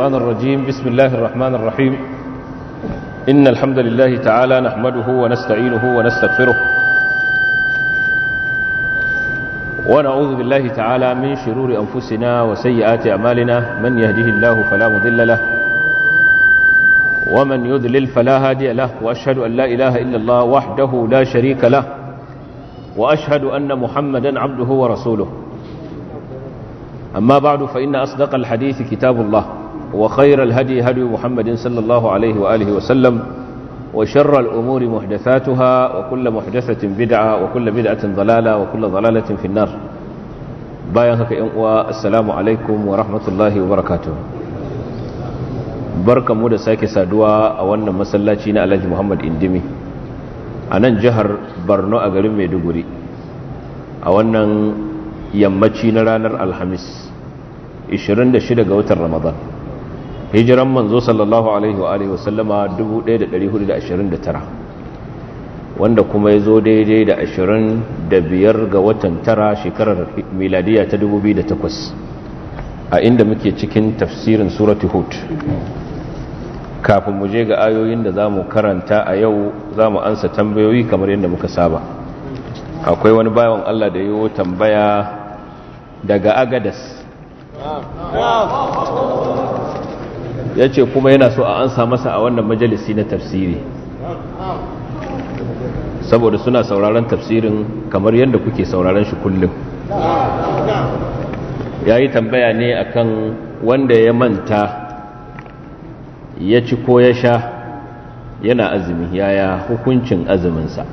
الشيطان الرجيم بسم الله الرحمن الرحيم إن الحمد لله تعالى نحمده ونستعينه ونستغفره ونعوذ بالله تعالى من شرور أنفسنا وسيئات أعمالنا من يهده الله فلا مضل له ومن يذلل فلا هادي له وأشهد أن لا إله إلا الله وحده لا شريك له وأشهد أن محمدا عبده ورسوله أما بعد فإن أصدق الحديث كتاب الله وخير الهدي هدي محمد صلى الله عليه وآله وسلم وشر الأمور محدثاتها وكل محدثة بدعة وكل بدعة ضلالة وكل ضلالة في النار بايغك السلام عليكم ورحمة الله وبركاته barkan mu da sake saduwa a wannan masallaci na Alhaji Muhammad Indimi a nan jihar barno a garin Maiduguri a wannan yammaci na ranar Alhamis 26 ga watan Ramadan hijiran manzo sallallahu alaihi wa alihi wasallama 1429 wanda kuma ya zo daidai da da biyar ga watan tara shekarar miladiya ta 2008 a inda muke cikin tafsirin surati hud kafin mu je ga ayoyin da za mu karanta a yau za mu ansa tambayoyi kamar yadda muka saba akwai wani bayan Allah da yiwu tambaya daga agadas ya ce kuma yana so a ansa masa a wannan majalisi na tafsiri saboda suna sauraron tafsirin kamar yadda kuke sauraron shi kullum ya yi tambaya ne akan wanda ya manta ya ci ko ya sha yana azumi yaya hukuncin azuminsa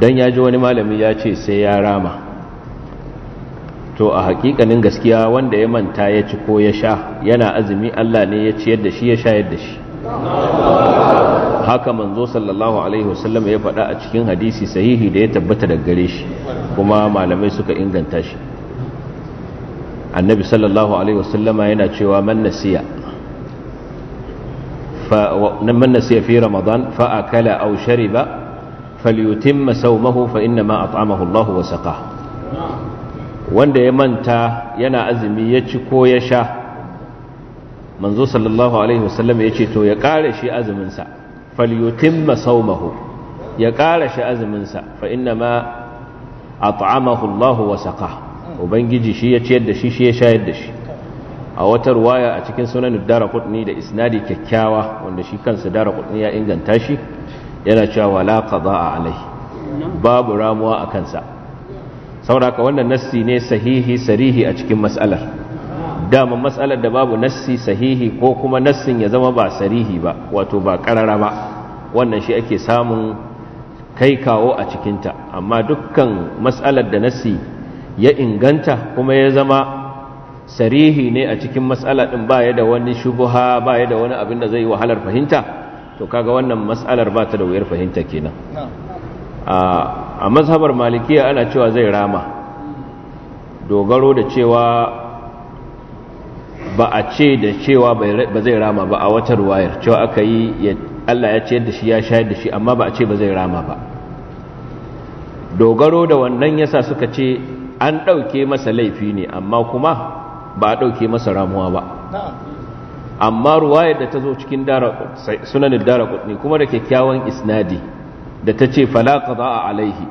don ya ji wani malami ya ce sai ya rama to a hakikanin gaskiya wanda ya manta ya ci ko ya sha yana azumi Allah ne ya ciyar da shi ya shayar yadda shi haka manzo sallallahu alaihi wasallam ya faɗa a cikin hadisi sahihi da ya tabbata da gare shi kuma malamai suka inganta shi annabi sallallahu alaihi wasallam yana cewa man nasiya fa man nasiya fi ramadan fa akala aw shariba falyutimma sawmahu fa inna ma at'amahu Allah wa saqahu wanda ya manta yana azumi ya ci ko ya sha manzo sallallahu alaihi wasallam ya ce to ya kare shi azuminsa falyutimma sawmahu ya ƙara shi azuminsa fa inna ma at'amahu Allah wa saqa ubangiji shi ya ciyar da shi shi ya shayar da shi a wata ruwaya a cikin sunan Daraqutni da isnadi kyakkyawa wanda shi kansa Daraqutni ya inganta shi yana cewa la qada'a alai babu ramuwa a kansa saboda wannan nassi ne sahihi sarihi a cikin mas'alar dama matsalar da babu nassi sahihi ko kuma nassin ya zama ba sarihi ba wato ba karara ba wannan shi ake samun kai kawo a cikinta amma dukkan matsalar da nassi ya inganta kuma ya zama sarihi ne a cikin matsala ɗin baya da wani shubuha baya da wani abin da zai yi wahalar fahimta to kaga wannan matsalar ba ta da wuyar fahimta kenan a mazhabar malikiya ana cewa zai rama dogaro da cewa ba a ce da cewa ba zai rama ba a wata ruwayar cewa aka yi Allah ya ce yadda shi ya shayar da shi amma ba a ce ba zai rama ba dogaro da wannan yasa suka ce an ɗauke masa laifi ne amma kuma ba a ɗauke masa ramuwa ba amma ruwayar da ta zo cikin sunanin dara kuma da kyakkyawan isnadi da ta ce za a alaihi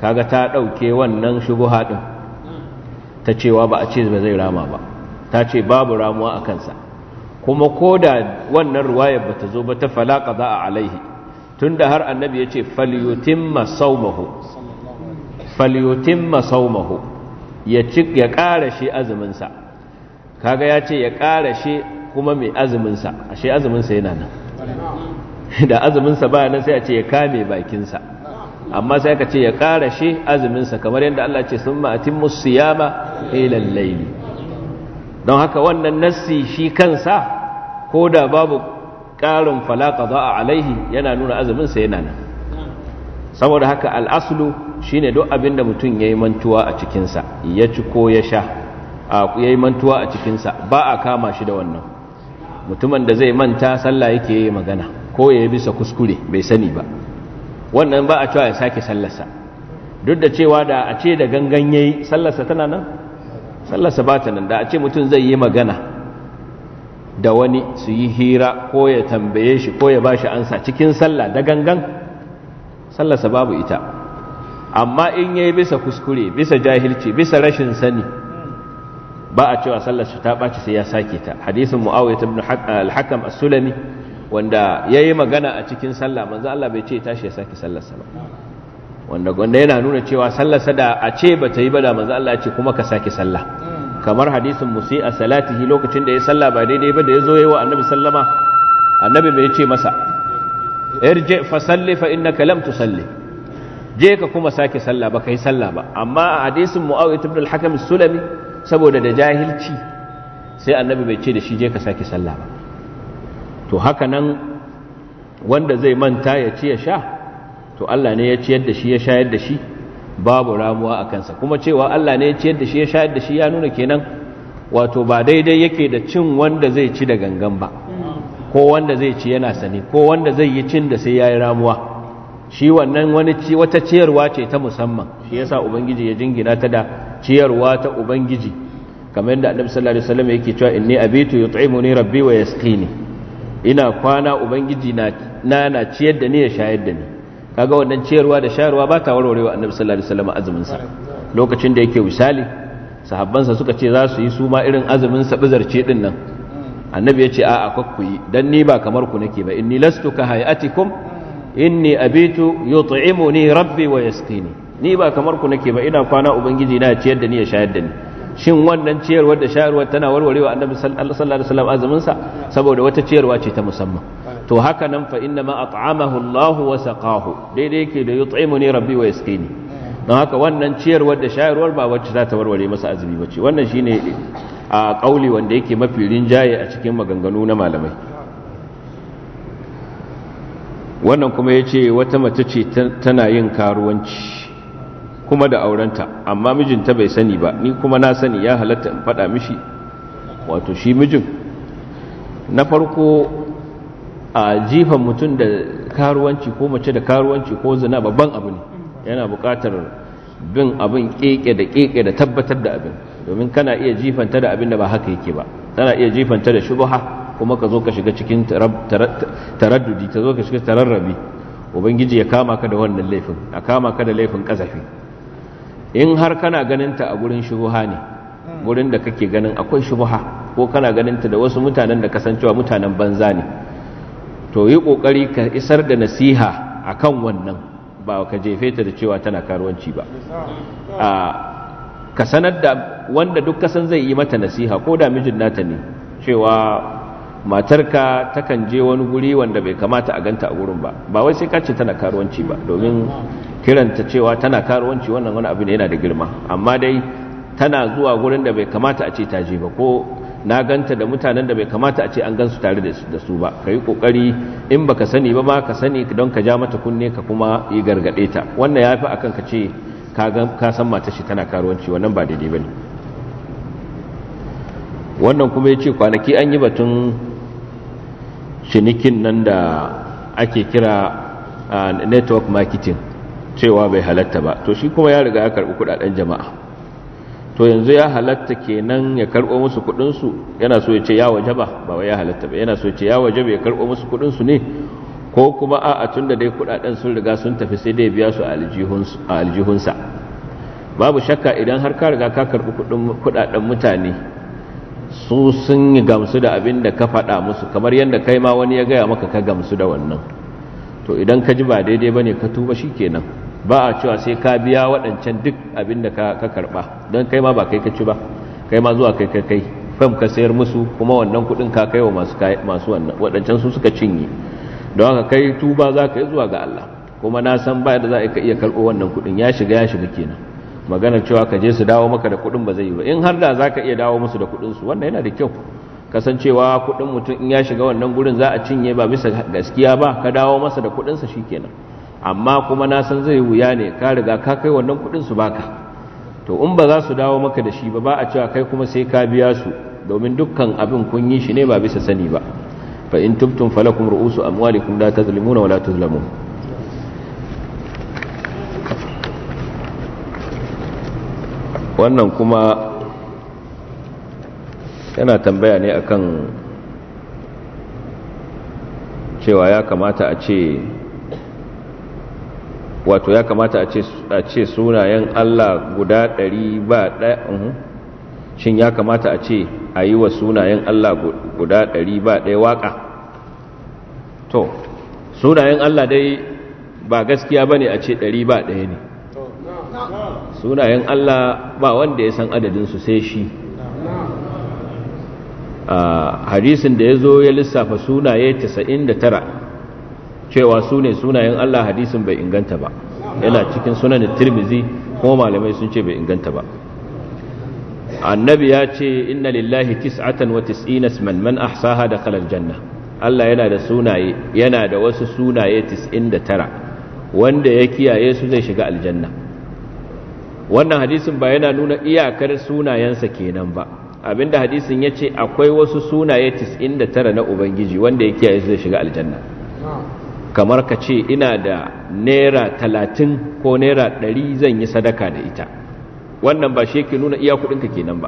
kaga ta ɗauke wannan shigo haɗin ta cewa ba a ce ba zai rama ba ta ce babu ramuwa a kansa kuma ko da wannan ruwayar ba ta zo ba ta za a alaihi Tun da har annabi yace ce faliyotin falyutimma ya ci ya ƙara shi azuminsa, kaga ya ce ya ƙara shi kuma mai azuminsa, a ashe azuminsa yana nan da azuminsa ba nan sai a ce ya kame bakinsa amma sai aka ce ya kara karashe azuminsa kamar yadda Allah ce sun ma'atin musu yama ilan don haka wannan nassi shi kansa ko da babu ƙarin falaka za alaihi yana nuna azuminsa yana nan saboda haka al'asulu shi ne duk abin da mutum ya yi mantuwa a cikinsa ya ci ko ya sha ya yi mantuwa a cikinsa ba a kama shi da wannan mutumin da zai manta sallah yake yi magana ko ya yi bisa kuskure bai sani ba wannan ba a cewa ya sake sallasa. duk da cewa da a ce da gangan ya yi sallasa tana nan Sallasa ba ta nan da a ce mutum zai yi magana da wani su yi hira ko ya tambaye shi ko ya ba shi ansa cikin sallah da gangan sallasa babu ita amma in ya yi bisa kuskure bisa jahilci bisa rashin sani ba a cewa sallasa ta ɓaci sai ya sake ta hadisin ta bin al-hakam as-sulami wanda ya yi magana a cikin sallah manzo Allah bai ce tashi ya sake sallarsa ba wanda wanda yana nuna cewa sallarsa da a ce ba ta yi ba da manzo Allah ya ce kuma ka sake sallah kamar hadisin musi a salatihi lokacin da ya sallah ba daidai ba da ya zo yi wa annabi sallama annabi bai ce masa irji fa salli fa innaka lam tusalli je ka kuma sake sallah ba kai sallah ba amma a hadisin muawiyah ibn al-hakam sulami saboda da jahilci sai annabi bai ce da shi je ka sake sallah ba to haka nan wanda zai manta ya ci ya sha to Allah ne ya ci yadda shi ya shayar da shi babu ramuwa a kansa kuma cewa Allah ne ya ci yadda shi ya shayar da shi ya nuna kenan wato ba daidai yake da cin wanda zai ci da gangan ba ko wanda zai ci yana sani ko wanda zai yi cin da sai ya yi ramuwa shi wannan wani ci wata ciyarwa ce ta musamman shi yasa ubangiji ya jingina ta da ciyarwa ta ubangiji kamar yadda annabi sallallahu alaihi wasallam yake cewa inni abitu yut'imuni rabbi wa yasqini ina kwana ubangiji na na ciyar da ni ya shayar da ni kaga wannan ciyarwa da shayarwa ba ta warwarewa annabi sallallahu alaihi wasallam azumin sa lokacin da yake misali sa suka ce za su yi su ma irin azumin sa bizarce din nan annabi ya ce a'a kakku yi dan ni ba kamar ku nake ba inni lastu ka hayatikum inni abitu yut'imuni rabbi wa yasqini ni ba kamar ku nake ba ina kwana ubangiji na ciyar da ni ya shayar da ni shin wannan ciyarwar da shayarwar tana warwarewa annabi sallallahu alaihi wasallam azuminsa? saboda wata ciyarwa ce ta musamman to haka nan fa inna ma at'amahu Allahu wa saqahu daidai yake da ni rabbi wa yaskini don haka wannan ciyarwar da shayarwar ba wacce za ta warware masa azumi bace wannan shine a kauli wanda yake mafi rinjaye a cikin maganganu na malamai wannan kuma yace wata mace ce tana yin karuwanci kuma da aurenta amma mijinta bai sani ba ni kuma na sani ya halatta in faɗa mishi wato shi mijin na farko a jifan mutum da karuwanci ko mace da karuwanci ko zina babban abu ne yana bukatar bin abin keke da keke da tabbatar da abin domin kana iya jifanta da abin da ba haka yake ba tana iya jifanta da shubha kuma ka zo ka shiga cikin taraddudi ta zo ka shiga tararrabi ubangiji ya kama ka da wannan laifin a kama ka da laifin kasafi in har kana ganinta a gurin shubuha ne gurin da kake ganin akwai shubuha ko kana ganinta da wasu mutanen da kasancewa mutanen banza ne to yi kokari ka isar da nasiha akan wannan ba ka jefe ta da cewa tana karuwanci ba ka sanar da wanda duk kasan zai yi mata nasiha ko da mijin nata ne cewa matarka takan je wani guri wanda bai kamata a ganta a gurin ba ba wai sai ka ce tana karuwanci ba domin kiranta cewa tana karuwanci wannan wani abu ne yana da girma amma dai tana zuwa gurin da bai kamata a ce ta je ba ko na ganta da mutanen da bai kamata a ce an gansu tare da su ba ka yi kokari in baka sani ba ma ka sani don ka ja mata kunne ka kuma yi gargaɗe ta wannan ya fi akan ka ce ka san mata shi tana karuwanci wannan ba daidai ba ne wannan kuma ya ce kwanaki an yi batun cinikin nan da ake kira ah, network marketing cewa bai halatta ba to shi kuma ya riga ya karɓi kudaden jama'a to yanzu ya halatta kenan ya karɓo musu kuɗinsu yana so ya ce ya waje ba wai ya halatta ba yana so ya ce ya waje ya karɓo musu kuɗinsu ne ko kuma a'a tun da dai kudaden sun riga sun tafi sai dai biya su a aljihunsa babu shakka idan har ka riga ka karbi karɓi kudaden mutane su sun yi gamsu da abin da ka faɗa musu kamar yadda kai ma wani ya gaya maka ka gamsu da wannan to idan ka ji ba daidai ba ne ka tuba shi kenan ba a cewa sai ka biya waɗancan duk abin da ka karɓa don kai ma ba kai ka ba kai ma zuwa kai kai fam ka sayar musu kuma wannan kuɗin ka kai wa masu wannan waɗancan su suka cinye don haka kai tuba za ka yi zuwa ga Allah kuma na san ba da za ka iya karɓo wannan kuɗin ya shiga ya shiga kenan maganar cewa ka je su dawo maka da kuɗin ba zai yi ba in har da za ka iya dawo musu da su, wannan yana da kyau kasancewa kuɗin mutum in ya shiga wannan gurin za a cinye ba bisa gaskiya ba ka dawo masa da kuɗinsa sa kenan amma kuma na san zai wuya ne ka riga ka kai wannan kudin su baka to in ba za su dawo maka da shi ba ba a cewa kai kuma sai ka biya su domin dukkan abin kun yi shi ne ba bisa sani ba fa in tubtum falakum ru'usu amwalikum la tazlimuna wa la tuzlamun wannan kuma yana tambaya ne akan cewa ya kamata a ce wato ya kamata a ce sunayen Allah guda ɗari ba ɗaya shin ya kamata a ce a yi wa sunayen Allah guda ɗari ba ɗaya waƙa to sunayen Allah dai ba gaskiya ba ne a ce ɗari ba ɗaya ne sunayen Allah ba wanda ya san adadinsu sai shi ah, hadisin da ya zo ya lissafa sunaye 99 cewa su ne sunayen Allah hadisin bai inganta ba yana cikin sunan tirmizi kuma malamai sun ce bai inganta ba annabi ya ce inna lillahi tis'atan wa tis'ina man man ahsaha dakhala aljanna Allah yana da sunaye yana da wasu sunaye 99 wanda ya kiyaye su zai shiga aljanna wannan hadisin ba yana nuna iyakar sunayensa kenan ba abinda hadisin ya ce akwai wasu sunaye 99 na ubangiji wanda ya kiyaye su zai shiga aljanna kamar ka ce ina da naira talatin ko naira ɗari zan yi sadaka da ita wannan ba shi ke nuna iya kuɗinka kenan ba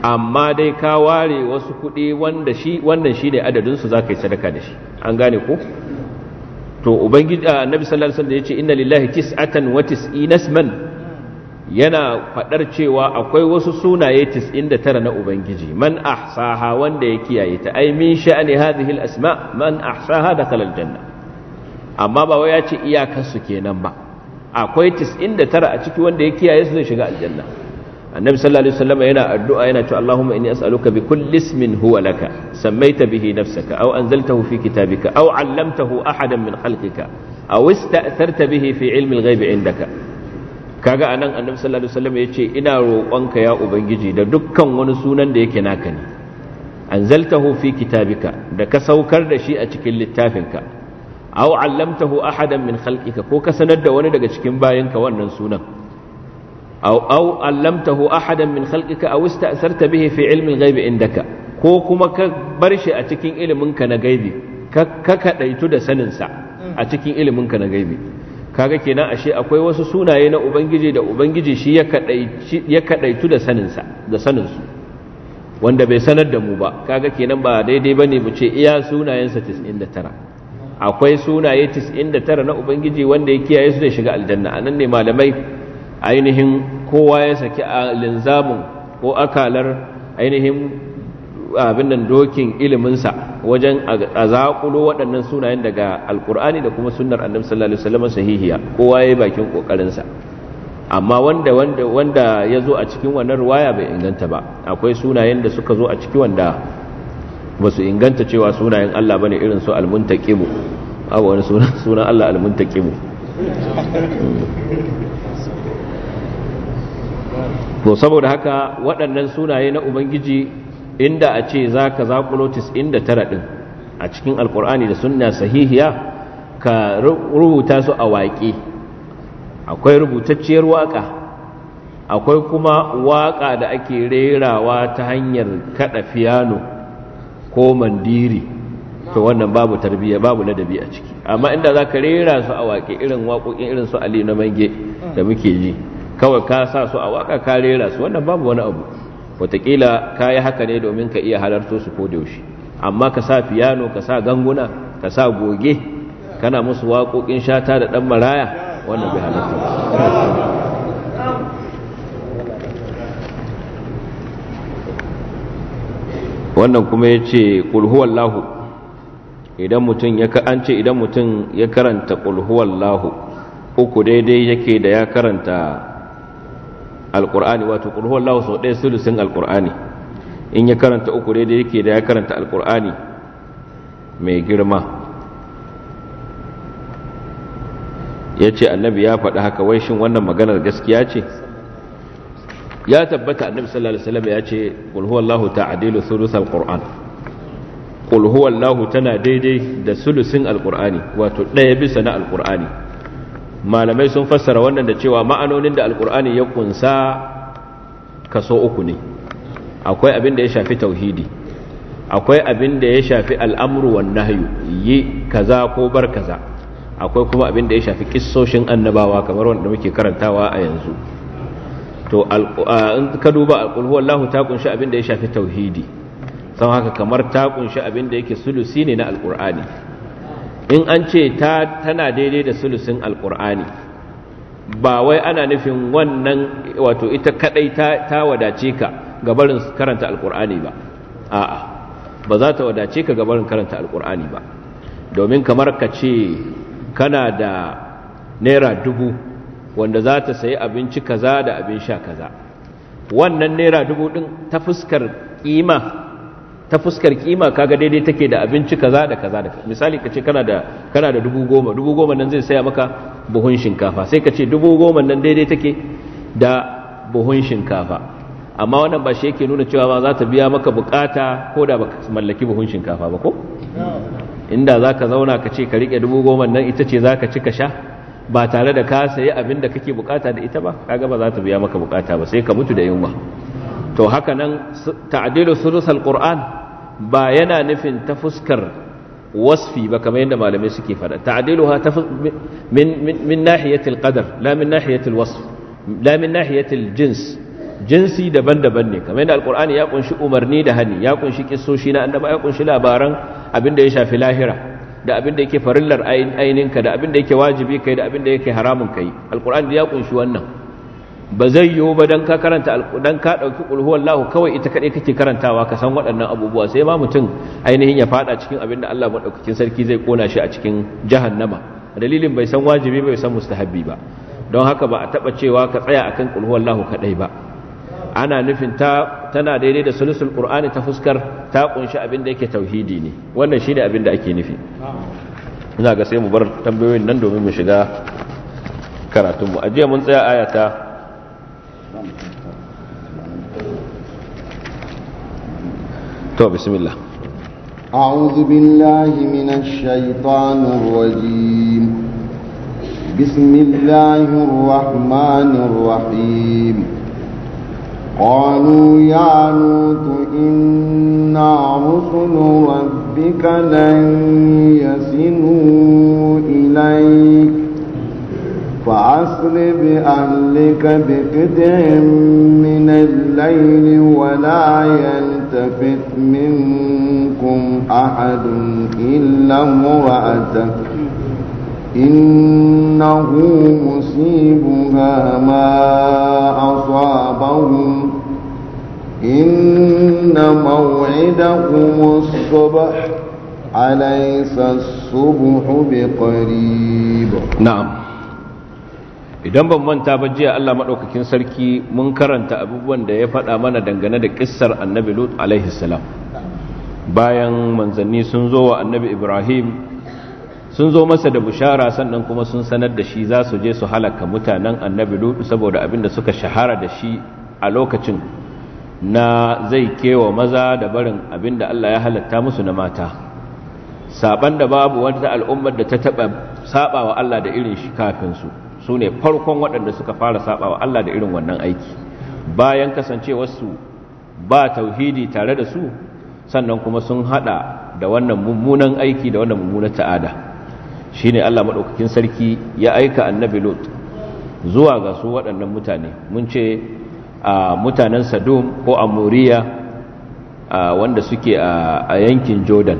amma dai ka ware wasu kuɗi wanda shi wannan shi ne adadinsu za ka yi sadaka da shi an gane ku to ubangiji annabi sallallahu alaihi ya ce inna lillahi tis'atan wa tis'ina man yana fadar cewa akwai wasu sunaye da tara na ubangiji man ahsaha wanda ya kiyaye ta ai min sha'ani hadhihi al-asma man ahsaha dakhala al-janna amma ba wai ya ce iyakarsu kenan ba akwai tara a ciki wanda ya kiyaye su zai shiga aljanna annabi sallallahu alaihi wasallam yana addu'a yana cewa Allahumma inni as'aluka bi kulli ismin huwa laka sammaita bihi nafsaka aw anzaltahu fi kitabika aw 'allamtahu ahadan min khalqika aw ista'tharta bihi fi 'ilmi al 'indaka kaga anan annabi sallallahu alaihi wasallam yace ina roƙonka ya ubangiji da dukkan wani sunan da yake naka ne anzaltahu fi kitabika da ka saukar da shi a cikin littafinka aw allamtahu ahadan min khalqika ko ka sanar da wani daga cikin bayanka wannan sunan aw aw allamtahu ahadan min khalqika aw ista'sarta bihi fi ilmi al-ghaibi indaka ko kuma ka bar shi a cikin ilimin ka na gaibi ka kadaitu da sanin sa a cikin ilimin ka na gaibi kaga kenan ashe akwai wasu sunaye na ubangiji da ubangiji shi ya kadaici ya kadaitu da sanin sa da sanin su wanda bai sanar da mu ba kaga kenan ba daidai bane mu ce iya sunayensa 99 akwai sunaye 99 na ubangiji wanda ya kiyaye su da shiga aljanna anan ne malamai ainihin kowa ya saki a linzamin ko akalar ainihin abin nan dokin iliminsa wajen a zaƙulo waɗannan sunayen daga alkur'ani da kuma sunnar annabi sallallahu alaihi wasallam sahihiya kowa ya yi bakin ƙoƙarinsa amma wanda wanda wanda ya zo a cikin wannan ruwaya bai inganta ba akwai sunayen da suka zo a cikin wanda ba su inganta cewa sunayen Allah bane irin su almuntaqimu abu wani sunan Allah to saboda haka waɗannan sunaye na ubangiji inda a ce za zaka inda 99 din a cikin alkur'ani da suna sahihiya ka rubuta su a waƙe akwai rubutacciyar waƙa akwai kuma waƙa da ake rerawa ta hanyar kaɗa fiyano ko mandiri to wannan babu tarbiyya babu ladabi a ciki amma inda za ka rera su a waƙe irin waƙoƙin irin su ali na mange da muke ji kawai ka sa su a waƙa ka rera su wannan babu wani abu wataƙila ka yi haka ne domin ka iya halarto su ko da yaushe amma ka sa fiyano ka sa ganguna ka sa goge kana musu waƙoƙin shata da ɗan maraya wannan bai halarta wannan kuma ya ce ƙulhuwallahu idan mutum ya an ce idan mutum ya karanta ƙulhuwallahu uku daidai yake da ya karanta alƙur'ani wato ƙulhuwallahu sau ɗaya sulusin alƙur'ani in ya karanta uku daidai yake da ya karanta alƙur'ani mai girma ya ce annabi ya faɗi haka wai shin wannan maganar gaskiya ce ya tabbata annabi sallallahu alaihi wasallam ya ce qul huwallahu ta'dilu thuluthal qur'an qul huwallahu tana daidai da sulusin alqur'ani wato daya bisa na alqur'ani malamai sun fassara wannan da cewa ma'anonin da alqur'ani ya kunsa kaso uku ne akwai abin da ya shafi tauhidi akwai abin da ya shafi al'amru wan nahyu yi kaza ko bar kaza akwai kuma abin da ya shafi kissoshin annabawa kamar wanda muke karantawa a yanzu to uh, in ka duba alqul Allah ta kunshi abin da ya shafi tauhidi sau haka kamar ta kunshi abin da yake sulusi ne na alqur'ani in an ce ta tana daidai da sulusin alqur'ani ba wai ana nufin wannan wato ita kaɗai ta, ta wadace ka ga barin karanta alqur'ani ba a'a ba za ta wadace ka ga barin karanta alqur'ani ba domin kamar ka ce kana da naira dubu wanda za ta sayi abinci kaza da abin sha kaza wannan naira dubu ɗin ta fuskar ƙima ta fuskar ƙima kaga daidai take da abinci kaza da kaza da misali ka ce kana da kana da dubu goma dubu goma nan zai saya maka buhun shinkafa sai ka ce dubu goma nan daidai take da buhun shinkafa amma wannan ba shi yake nuna cewa ba za ta biya maka bukata ko da baka mallaki buhun shinkafa ba ko inda za ka zauna ka ce ka riƙe dubu goma nan ita ce za ka ci ka sha ba tare da ka sayi abin da kake bukata da ita ba kaga ba za ta biya maka bukata ba sai ka mutu da yunwa to haka nan ta'dilu sulusul qur'an ba yana nufin ta fuskar wasfi ba kamar yadda malamai suke fada ta'diluha ta min min nahiyatil qadar la min nahiyatil wasf la min nahiyatil jins jinsi daban-daban ne kamar yadda alkur'ani ya kunshi umarni da hani ya kunshi kissoshi na annaba ya kunshi labaran abin da ya shafi lahira da abin da yake farillar aininka da abin da yake wajibi kai da abin da yake haramun kai alkur'ani ya kunshi wannan ba zai yiwu ba dan ka karanta dan ka dauki qul lahu. kawai ita kadai kake karantawa ka san waɗannan abubuwa sai ma mutum ainihin ya fada cikin abin da Allah madaukakin sarki zai kona shi a cikin jahannama dalilin bai san wajibi bai san mustahabbi ba don haka ba a taɓa cewa ka tsaya akan qul lahu kadai ba ana nufin ta tana daidai da sulusul qur'ani ta fuskar ta kunshi abin da yake tauhidi ne wannan shine abin da ake nufi ina ga sai mu bar tambayoyin nan domin mu shiga karatun mu ajiya mun tsaya ayata to bismillah a'udhu billahi minash shaitanir rajim bismillahir rahmanir rahim قالوا يا لوط إنا رسل ربك لن يسنوا إليك فأسر بأهلك بقدع من الليل ولا يلتفت منكم أحد إلا مرأتك إنه مصيبها ما أصابهم إن موعدكم الصبح أليس الصبح بقريب نعم idan ban manta ba jiya Allah madaukakin sarki mun karanta abubuwan da ya faɗa mana dangane da kissar Annabi Lut alaihi salam bayan manzanni sun zo wa Annabi Ibrahim sun zo masa da bushara sannan kuma sun sanar da shi za su je su halaka mutanen Annabi Lut saboda abin da suka shahara da shi a lokacin na zai kewa maza da barin abinda Allah ya halatta musu na mata saban da babu wata al'ummar da ta taba saba Allah da irin shi kafin su sune farkon waɗanda suka fara saba Allah da irin wannan aiki bayan kasancewar su ba tauhidi tare da su sannan kuma sun hada da wannan mummunan aiki da wannan mummunan ta'ada shine Allah madaukakin sarki ya aika annabi Lot zuwa ga su waɗannan mutane mun ce A mutanen sadum ko amuriya wanda suke a yankin jordan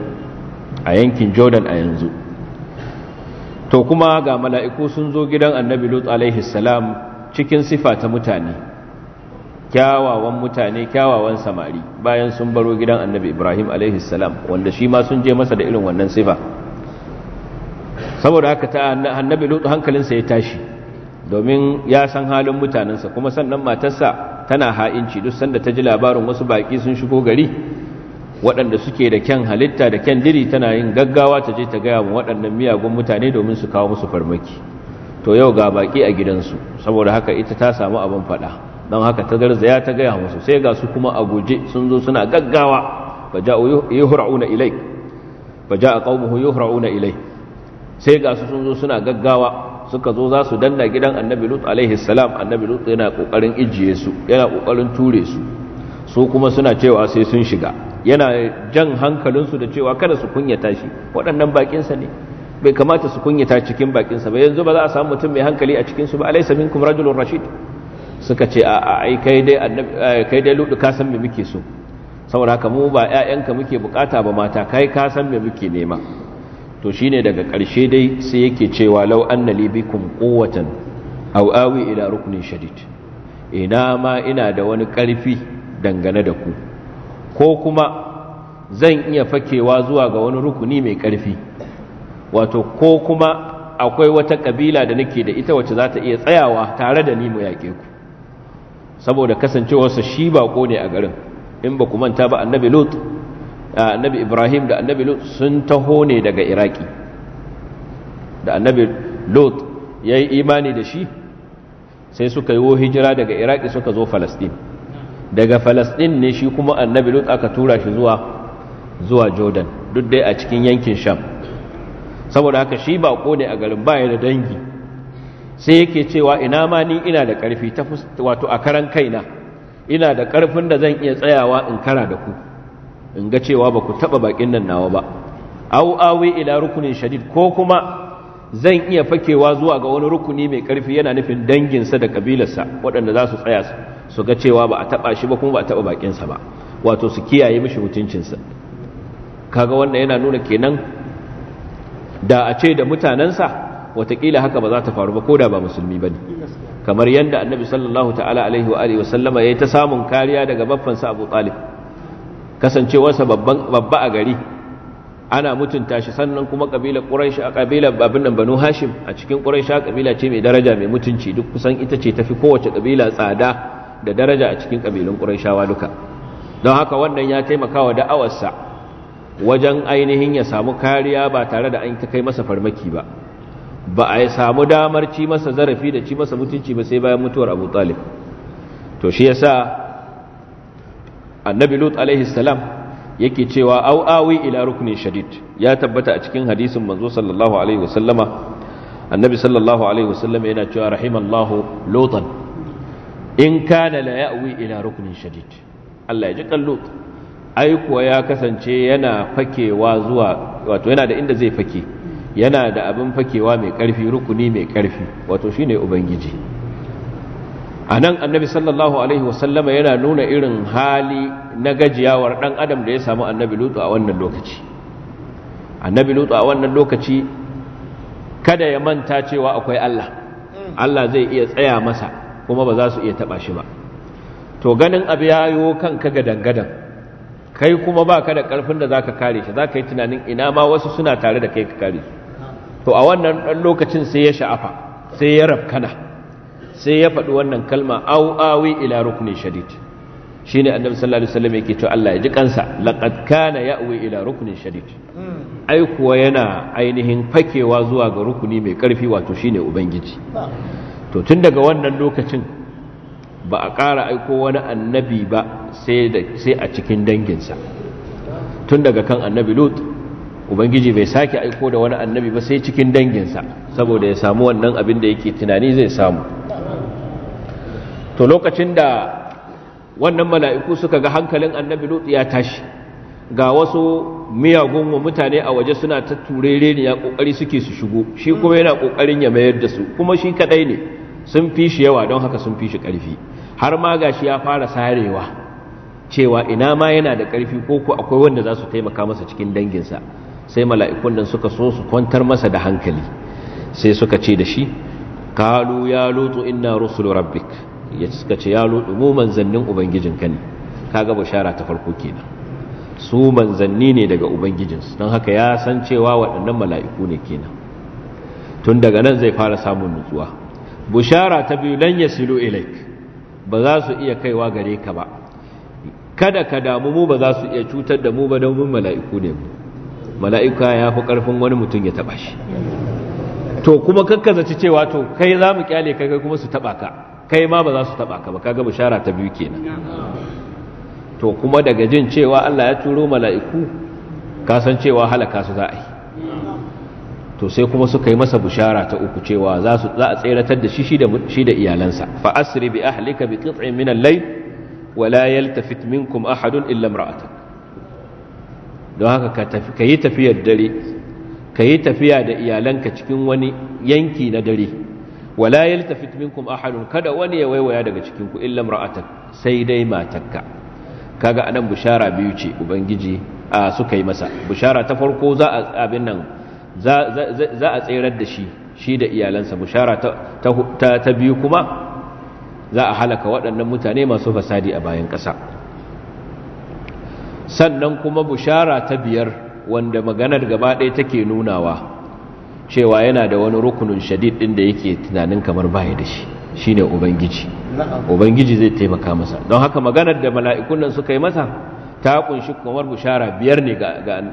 a yankin jordan a yanzu to kuma ga mala'iku sun zo gidan annabi lut alaihi salam cikin sifa ta mutane kyawawan mutane kyawawan samari bayan sun baro gidan annabi ibrahim alaihi salam wanda shi ma sun je masa da irin wannan sifa saboda haka ta annabi lut hankalinsa ya tashi domin ya san halin mutanensa kuma sannan matarsa tana ha'inci duk sanda ta ji labarin wasu baƙi sun shigo gari waɗanda suke da kyan halitta da kyan diri tana yin gaggawa ta je ta gaya wa waɗannan miyagun mutane domin su kawo musu farmaki to yau ga baƙi a gidansu saboda haka ita ta samu abin faɗa don haka ta garzaya ta gaya musu sai ga su kuma a guje sun zo suna gaggawa Ba ja yuhra'una ilai yi ja'a qaumuhu ilai sai ga su sun zo suna gaggawa suka zo za su danna gidan annabi lut alaihi salam annabi lut yana kokarin ijiye su yana kokarin ture su su kuma suna cewa sai sun shiga yana jan hankalinsu da cewa kada su kunyata shi waɗannan baƙinsa ne bai kamata su kunyata cikin baƙinsa. ba yanzu ba za a samu mutum mai hankali a cikinsu ba alaisa minkum rajulun rashid suka ce a ai kai dai annabi kai dai lut ka san me muke so saboda haka mu ba ƴaƴanka muke bukata ba mata kai ka san me muke nema to shi ne daga ƙarshe dai sai yake cewa lau an na bikum quwwatan aw awi ila rukunin shadid ina ma ina da wani ƙarfi dangane da ku ko kuma zan iya fakewa zuwa ga wani rukuni mai ƙarfi wato ko kuma akwai wata ƙabila da nake da ita wacce za ta iya tsayawa tare da ni mu yaƙe ku saboda kasancewarsa shi baƙo ne a garin in ba ku manta ba annabi lot annabi ibrahim da annabi lut sun taho ne daga iraki da annabi Lut ya yi imani da shi sai suka yi hijira daga iraki suka zo falastin daga falastin ne shi kuma annabi lut aka tura shi zuwa zuwa jordan duk dai a cikin yankin sham saboda haka shi bako ne a garin baya da dangi sai yake cewa ina ma ni ina da karfi ta wato a karan kaina ina da karfin da zan iya tsayawa in kara da ku in ga cewa ba ku taɓa baƙin nan nawa ba au awi ila rukunin shadid ko kuma zan iya fakewa zuwa ga wani rukuni mai ƙarfi yana nufin danginsa da kabilarsa waɗanda za su tsaya su ga cewa ba a taɓa shi ba kuma ba a taɓa baƙinsa ba wato su kiyaye mishi mutuncinsa kaga wannan yana nuna kenan da a ce da mutanensa watakila haka ba za ta faru ba ko da ba musulmi ba ne kamar yadda annabi sallallahu ta'ala alaihi wa alihi wa sallama ya yi ta samun kariya daga baffansa abu talib kasancewarsa babba a gari ana mutunta shi sannan kuma kabilar quraish a kabilar babin nan banu hashim a cikin quraish kabila ce mai daraja mai mutunci duk kusan ita ce tafi kowace kabila tsada da daraja a cikin kabilun quraishawa duka don haka wannan ya taimaka wa da'awarsa wajen ainihin ya samu kariya ba tare da an ta kai masa farmaki ba ba a samu damar ci masa zarafi da ci masa mutunci ba sai bayan mutuwar abu talib to shi yasa annabi lut alaihi salam yake cewa au awi ila ruknin shadid ya tabbata a cikin hadisin manzo sallallahu alaihi wasallama annabi sallallahu alaihi wasallama yana cewa rahimallahu lutan in kana la ya'wi ila ruknin shadid Allah ya ji kan lut ai kuwa ya kasance yana fakewa zuwa wato yana da inda zai fake yana da abin fakewa mai karfi rukuni mai karfi wato shine ubangiji a nan annabi sallallahu alaihi wasallama yana nuna irin hali na gajiyawar ɗan adam da ya samu annabi lutu a wannan lokaci annabi lutu a wannan lokaci kada ya manta cewa akwai Allah Allah zai iya tsaya masa kuma ba za su iya taba shi ba to ganin abu yayo kanka gadangadan kai kuma ba ka da ƙarfin da za ka kare shi za ka yi tunanin ina ma wasu suna tare da kai ka kare su to a wannan ɗan lokacin sai ya sha'afa sai ya rafkana sai ya faɗi wannan kalma au awi ila rukni shadid shine annabi sallallahu alaihi wasallam yake cewa Allah ya ji kansa laqad kana ya'wi ila rukni shadid ai kuwa yana ainihin fakewa zuwa ga rukuni mai karfi wato shine ubangiji to tun daga wannan lokacin ba a ƙara aiko wani annabi ba sai a cikin danginsa tun daga kan annabi lut ubangiji bai sake aiko da wani annabi ba sai cikin danginsa saboda ya samu wannan abin da yake tunani zai samu to lokacin da wannan mala'iku suka ga hankalin annabi lutu ya tashi ga wasu miyagun mutane a waje suna ta turere ne ya ƙoƙari suke su shigo shi kuma yana ƙoƙarin ya mayar da su kuma shi kaɗai ne sun fi shi yawa don haka sun fi shi ƙarfi. har ma ga shi ya fara sarewa cewa ina ma yana da ƙarfi, ko ko akwai wanda za su taimaka masa cikin danginsa sai mala'ikun nan suka so su kwantar masa da hankali sai suka ce da shi kalu ya lutu inna rusul rabbik ya suka ce ya lodi mu manzannin ubangijin ka ne kaga bashara ta farko kenan su manzanni ne daga ubangijinsu don haka ya san cewa waɗannan mala'iku ne kenan tun daga nan zai fara samun nutsuwa bushara ta biyu lan yasilu ilaik ba za su iya kaiwa gare ka ba kada ka damu mu ba za su iya cutar da mu ba don mun mala'iku ne mu mala'iku ya fi ƙarfin wani mutum ya taɓa shi to kuma kakkaza ci cewa to kai za mu kyale kai kuma su taɓa ka kai ma ba za su taba ka ba kaga bishara ta biyu kenan to kuma daga jin cewa Allah ya turo mala'iku cewa halaka su za a yi to sai kuma suka yi masa bishara ta uku cewa za a tseratar da shi shi da iyalansa fa asri bi ahlika bi qit'in min al-layl wa la yaltafit minkum ahadun illa imra'atak don haka ka tafi tafiyar dare kayi tafiya da iyalanka cikin wani yanki na dare wala yaltafit minkum ahadun kada wani ya waiwaya daga cikin ku illa imra'atak sai dai matakka kaga anan bushara biyu ce ubangiji a suka yi masa bushara ta farko za a abin nan za a da shi shi da iyalansa bushara ta ta biyu kuma za a halaka waɗannan mutane masu fasadi a bayan ƙasa sannan kuma bushara ta biyar wanda maganar gaba ɗaya take nunawa cewa yana da wani rukunin shadid din da yake tunanin kamar baya da shi shine ubangiji ubangiji zai taimaka masa don haka maganar da mala'ikun nan suka yi masa ta kunshi kamar bushara biyar ne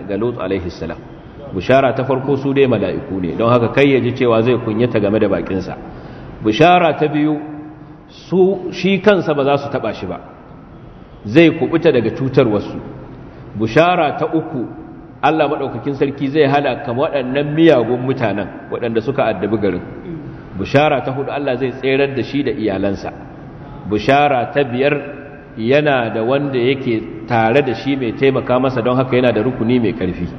ga Lut alaihi salam bushara ta farko su dai mala'iku ne don haka kai ya ji cewa zai kunyata game da bakinsa bushara ta biyu su shi kansa ba za su taba shi ba zai kubuta daga cutar wasu bushara ta uku Allah maɗaukakin sarki zai hana ka waɗannan miyagun mutanen waɗanda suka addabi garin bushara ta hudu Allah zai tserar da shi da iyalansa bushara ta biyar yana da wanda yake tare da shi mai taimaka masa don haka yana da rukuni mai ƙarfi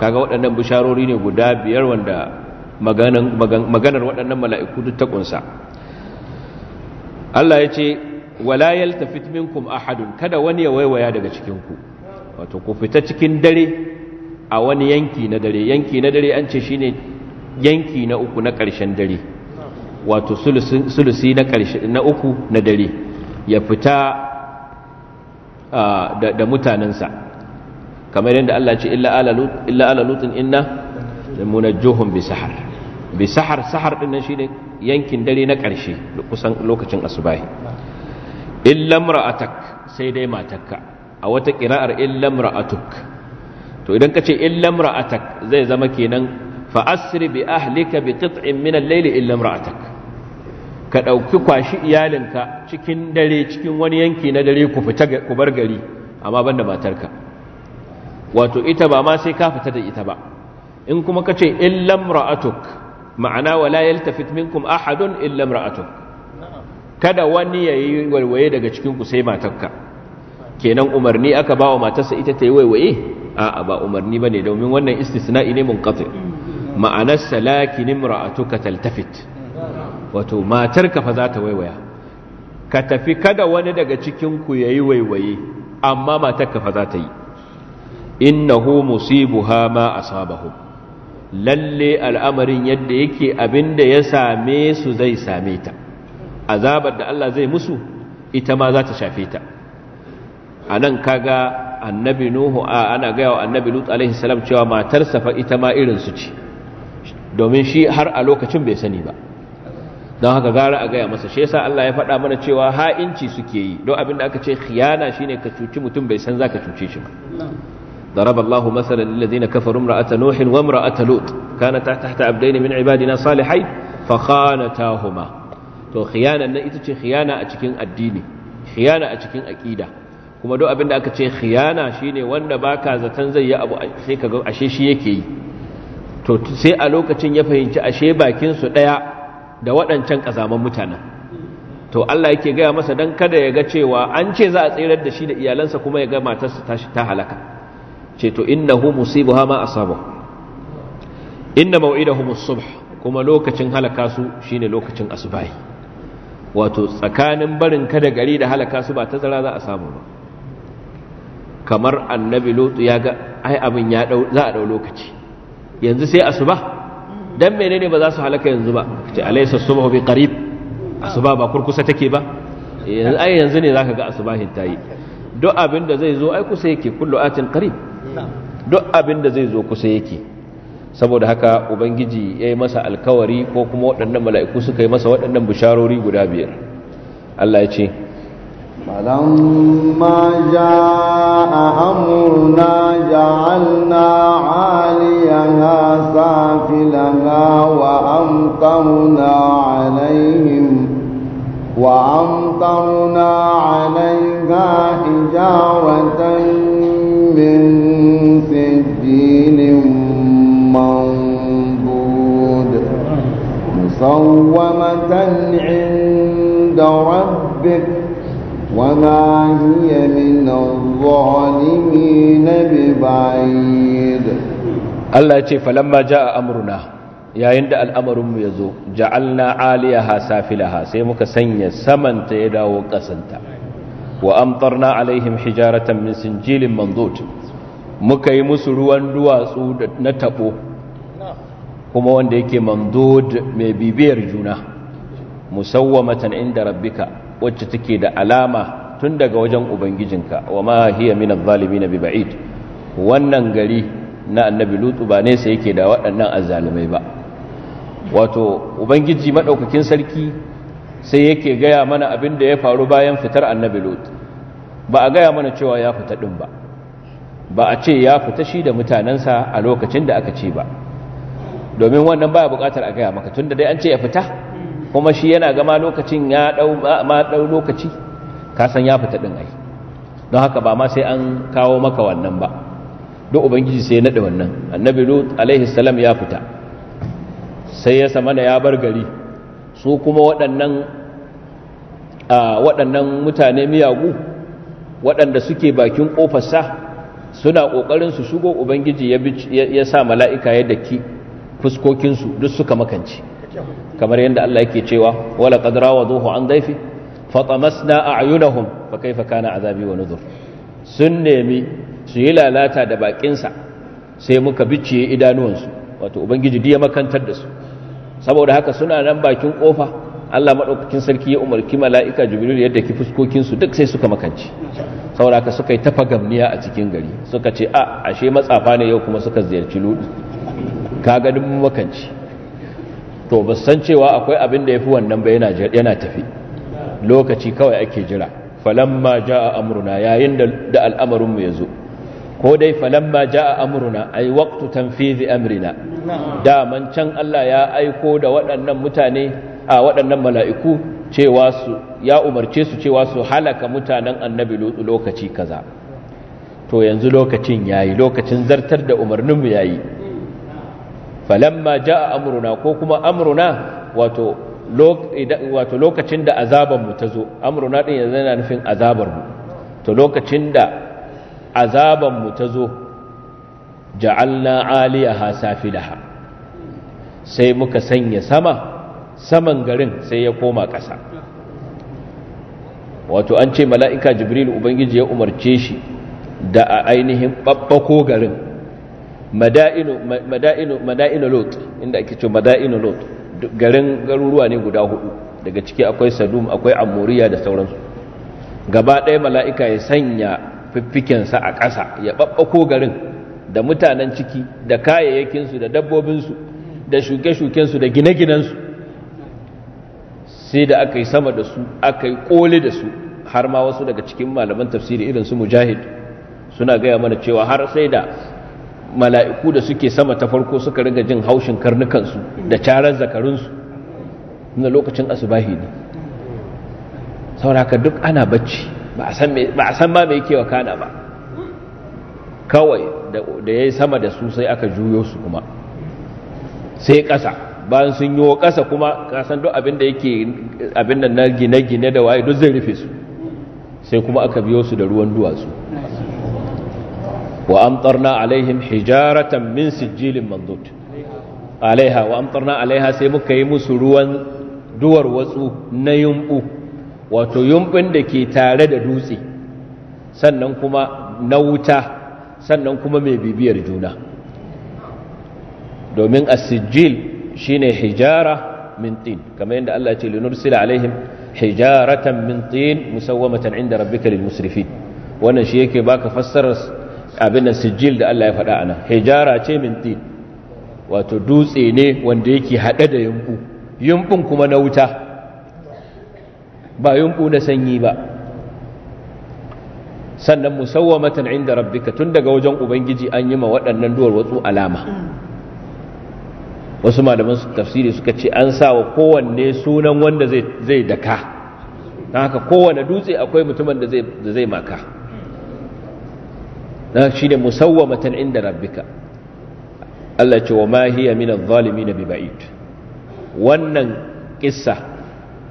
kaga waɗannan busharori ne guda biyar wanda maganar waɗannan mala'iku duk ta ƙunsa Allah ya ce wala yaltafit minkum ahadun kada wani ya waiwaya daga cikinku wato ku fita cikin dare a wani yanki na dare yanki na dare an ce shine yanki na uku na ƙarshen dare wato sulusi na uku na dare ya fita da mutanensa kamar yadda Allah ce illa ala lutin inna munajjuhum bi sahar bi sahar sahar din shi ne yankin dare na ƙarshe kusan lokacin asubahi illa imra'atak sai dai matakka a wata qira'ar illa imra'atuk to idan ka ce illa imra'atak zai zama kenan fa asri bi ahlika bi qit'in min al-layli illa imra'atak ka dauki kwashi iyalinka cikin dare cikin wani yanki na dare ku fita ku bar gari amma banda matarka wato ita ba ma sai ka fita da ita ba in kuma ka ce illa imra'atuk ma'ana wala yaltafit minkum ahadun illa imra'atuk kada wani yayi walwaye daga cikin ku sai matarka kenan umarni aka ba wa matarsa ita ta yi waiwaye a'a ba umarni bane domin wannan istisna'i ne munqati ma'anar salakin imra'atuka taltafit wato ka fa za ta waiwaya ka tafi kada wani daga cikin ku yayi waiwaye amma matar fa za ta yi innahu musibuha ma asabahum lalle al'amarin yadda yake abinda ya same su zai same ta azabar da Allah zai musu ita ma za ta shafe ta a nan kaga annabi nuhu a ana gaya wa annabi lut alaihi salam cewa matarsa fa ita ma irinsu ce domin shi har a lokacin bai sani ba don haka gara a gaya masa shi yasa Allah ya faɗa mana cewa ha'inci suke yi don abin da aka ce khiyana shine ka cuci mutum bai san zaka cuce shi ba ضرب الله مثلا للذين كفروا امرأة نوح وامرأة لوط كانتا تحت عبدين من عبادنا صالحين فخانتاهما to kiyana na ita ce khiyana a cikin addini khiyana a cikin aqida kuma duk abin da aka ce khiyana shine wanda baka zaton zai yi abu sai kaga ashe shi yake yi to sai a lokacin ya fahimci ashe bakin su daya da wadancan kazaman mutanen to Allah yake gaya masa dan kada ya ga cewa an ce za a tsirar da shi da iyalansa kuma ya ga matarsa ta ta halaka ce to innahu musibuha ma asaba inna maw'idahum as-subh kuma lokacin halaka su shine lokacin asubahi wato tsakanin barin kada gari da halaka su ba zara za a samu ba kamar annabi lutu ya ga ai abin ya dau za a dau lokaci yanzu sai asuba dan menene ba za su halaka yanzu ba ce alaysa subhu bi qarib asuba ba kurkusa take ba yanzu ai yanzu ne zaka ga asubahin tayi duk abin da zai zo ai kusa yake kullu atin qarib duk abin da zai zo kusa yake saboda haka ubangiji ya yi masa alkawari ko kuma waɗannan mala'iku suka yi masa waɗannan bisharori guda biyar Allah ya ce فلما جاء أمرنا جعلنا عاليها سافلها وأمطرنا عليهم وأمطرنا عليها حجارة من سجيل منضود مصومة عند ربك وما هي من الظالمين ببعيد الله يقول فلما جاء أمرنا yayin da al'amarinmu ya zo ja'alna aliyaha safilaha sai muka sanya samanta ya dawo ƙasanta wa amtarna alaihim hijaratan min sinjilin mandud muka yi musu ruwan duwatsu na tabo kuma wanda yake mandud mai bibiyar juna Mu musawwamatan inda rabbika wacce take da alama tun daga wajen ubangijinka wa ma hiya min adh-dhalimin bi ba'id wannan gari na annabi lutu ba ne sai yake da waɗannan azzalimai ba wato ubangiji madaukakin sarki sai yake gaya mana abin da ya faru bayan fitar annabi lutu ba a gaya mana cewa ya fita din ba ba a ce ya fita shi da mutanansa a lokacin da aka ce ba domin wannan baya bukatar a gaya maka tunda dai an ce ya fita kuma shi yana gama lokacin ya ɗau lokaci kasan ya fita ɗin ai don haka ba ma sai an kawo maka wannan ba duk ubangiji sai ya naɗa wannan annabi lut alaihi ya fita sai ya samana ya bar gari su kuma waɗannan waɗannan mutane miyagu waɗanda suke bakin ƙofarsa suna ƙoƙarin su shigo ubangiji ya sa mala'ika ya daki fuskokinsu duk suka makance. kamar yadda Allah yake cewa wala qad rawaduhu an dayfi fatamasna a'yunahum fa kaifa kana azabi wa nuzur sun nemi su yi lalata da bakinsa sai muka bicciye su wato ubangiji diya makantar da su saboda haka suna nan bakin kofa Allah madaukakin sarki ya umarki mala'ika jibril yadda ki fuskokin su duk sai suka makanci saboda haka suka yi tafa gamniya a cikin gari suka ce a ashe matsafa ne yau kuma suka ziyarci ludu ka ganin makanci to ba san cewa akwai abin da ya fi wannan ba yana tafi lokaci kawai ake jira falamma ja'a amruna yayin da al'amarinmu ya zo ko dai falamma ja'a amruna ai waqtu tanfizi amrina daman can Allah ya aiko da waɗannan mutane a waɗannan mala'iku cewa su ya umarce su cewa su halaka mutanen annabi lokaci kaza to yanzu lokacin yayi lokacin zartar da umarninmu yayi falamma jaa amruna ko kuma amruna wato lokacin da azaban mu tazo amruna ɗin yanzu yana nufin azabar mu to lokacin da azaban mu tazo ja'alna 'aliyaha safilaha sai muka sanya sama saman garin sai ya koma ƙasa wato an ce mala'ika jibril ubangiji ya umarce shi da a ainihin ɓaɓɓako garin mada'inu mada'inu lot inda ake cewa mada'inu lot garin garuruwa ne guda hudu daga ciki akwai sadum akwai amuriya da sauransu gaba ɗaya mala'ika ya sanya sa a ƙasa ya ɓaɓɓako garin da mutanen ciki da kayayyakinsu da dabbobinsu da shuke-shukensu da gine-ginensu sai da aka yi sama da su aka yi ƙoli da su har ma wasu daga cikin malaman tafsiri irin su mujahid suna gaya mana cewa har sai da mala'iku da suke sama ta farko suka riga jin haushin karnukansu da carar zakarunsu na lokacin asubahi ne sauraka duk ana bacci ba a san ma mai wa kana ba kawai da ya yi sama da su sai aka juyo su kuma sai ƙasa bayan sun yi wa ƙasa kuma kasan duk abinda yake abinda na gine-gine da waye duk zai rufe su sai kuma aka biyo su da ruwan duwatsu wa amtarna alaihim sai muka yi musu ruwan duwar watsu na yumbu wato yumbin da ke tare da dutse sannan kuma na wuta sannan kuma mai bibiyar juna domin as-sijil shine hijara min tin kamar yadda Allah ce linursila alaihim hijaratan min tin musawwamatan inda rabbika lil musrifin wannan shi yake baka fassarar abin sijil da Allah ya faɗa ana hijara ce min tin wato dutse ne wanda yake haɗe da yumbu yumbun kuma na wuta ba yumbu na sanyi ba sannan musawwamatan inda rabbika tun daga wajen ubangiji an yi ma waɗannan duwar watsu alama wasu malaman tafsiri suka ce an sa wa kowanne sunan wanda zai daka haka kowane dutse akwai mutumin da zai maka na shi ne musawwamatan inda rabbika Allah ce wa ma hiya min adh-dhalimin bi ba'id wannan kissa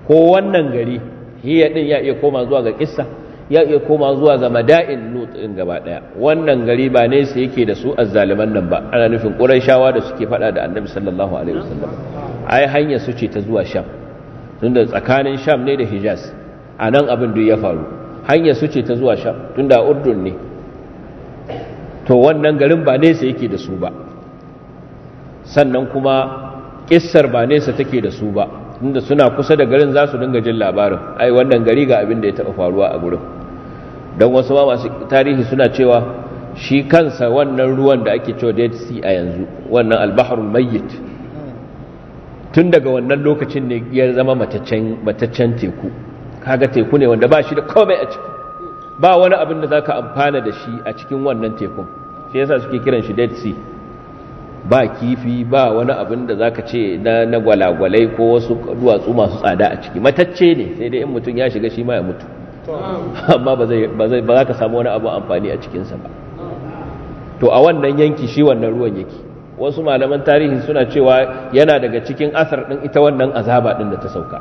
ko wannan gari hiya din ya iya koma zuwa ga kissa ya iya koma zuwa ga mada'in lut din gaba daya wannan gari ba ne sai yake da su azzaliman nan ba ana nufin qurayshawa da suke faɗa da annabi sallallahu alaihi wasallam ai hanya su ce ta zuwa sham tunda tsakanin sham ne da hijaz anan nan abin duk ya faru hanya su ce ta zuwa sham tunda urdun ne to wannan garin ba nesa yake da su ba sannan kuma kissar ba nesa take da su ba inda suna kusa da garin za su dinga jin labarin ai wannan gari ga abin da ya taɓa faruwa a gurin don wasu ma masu tarihi suna cewa shi kansa wannan ruwan da ake cewa dead sea a yanzu wannan albaharul mayyit tun daga wannan lokacin ne ya zama mataccen teku kaga teku ne wanda ba shi da komai a ciki ba wani abin da za ka amfana da shi a cikin wannan tekun shi yasa suke kiran shi dead sea ba kifi ba wani abin da za ka ce na gwalagwalai ko wasu duwatsu masu tsada a ciki matacce ne sai dai in mutum ya shiga shi ma ya mutu amma ba za ka samu wani abin amfani a cikinsa ba to a wannan yanki shi wannan ruwan yake wasu malaman tarihi suna cewa yana daga cikin asar ɗin ita wannan azaba ɗin da ta sauka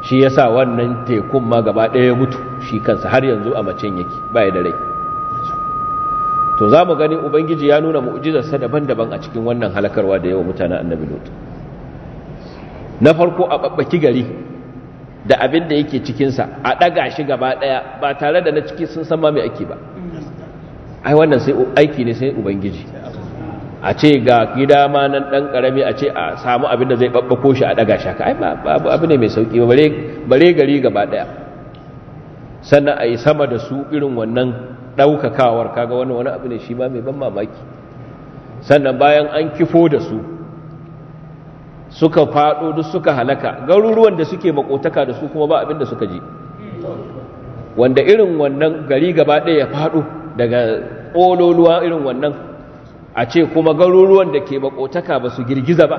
shi ya sa wannan tekun ma gaba ɗaya mutu shi kansa har yanzu a macen yake baya da rai to za mu gani ubangiji ya nuna mu'ujizarsa daban-daban a cikin wannan halakarwa da yawa mutanen annabi lot na farko a ɓaɓɓaki gari da abin da yake cikinsa a ɗaga shi gaba ɗaya ba tare da na ciki sun san ma mai ake ba ai wannan sai aiki ne sai ubangiji a ce ga gida ma nan dan karami a ce a samu abin da zai babbako shi a daga shaka ai babu abu ne mai sauki bare bare gari gaba daya sannan yi sama da su irin wannan daukakawar kaga wani wani abu ne shi ma mai ban mamaki sannan bayan an kifo da su suka fado duk suka halaka garuruwan da suke makotaka da su kuma ba abin da suka ji wanda irin wannan gari gaba daya ya fado daga ololuwa irin wannan a ce kuma garuruwan da ke makotaka ba su girgiza ba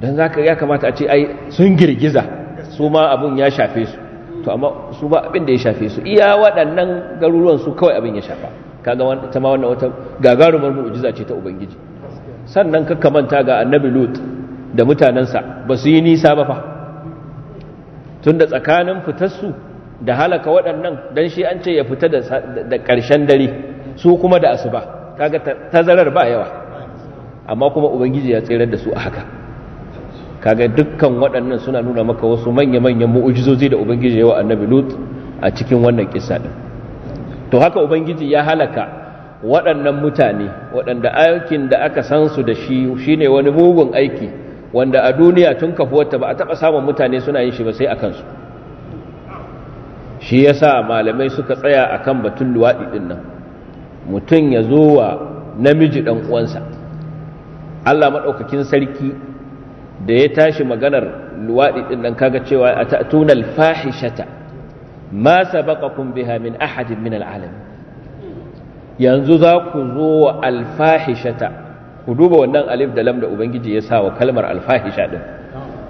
don za ka ya kamata a ce ai sun girgiza su ma abin ya shafe su to amma su ba abin da ya shafe su iya waɗannan garuruwan su kawai abin ya shafa kaga ta ma wannan wata gagarumar mu'jiza ce ta ubangiji sannan ka kamanta ga annabi lut da mutanensa ba su yi nisa ba fa tun da tsakanin su da halaka waɗannan don shi an ce ya fita da ƙarshen dare su kuma da asuba kaga tazarar ba yawa amma kuma ubangiji ya tsirar da su a haka kaga dukkan waɗannan suna nuna maka wasu manya-manyan mu'ujizozi da ubangiji yawa annabi lut a cikin wannan kisa din to haka ubangiji ya halaka waɗannan mutane waɗanda aikin da aka san su da shi shine wani mugun aiki wanda a duniya tun kafuwarta ba a taɓa samun mutane suna yin shi ba sai a kansu shi yasa malamai suka tsaya akan batun luwaɗi ɗin nan mutum ya zo wa namiji ɗan uwansa Allah maɗaukakin sarki da ya tashi maganar luwaɗi ɗin nan kaga cewa a ta'tuna al-fahishata ma sabaqakum biha min ahadin min al yanzu za ku zo wa alfahishata ku duba wannan alif da lam da ubangiji ya sa wa kalmar alfahisha din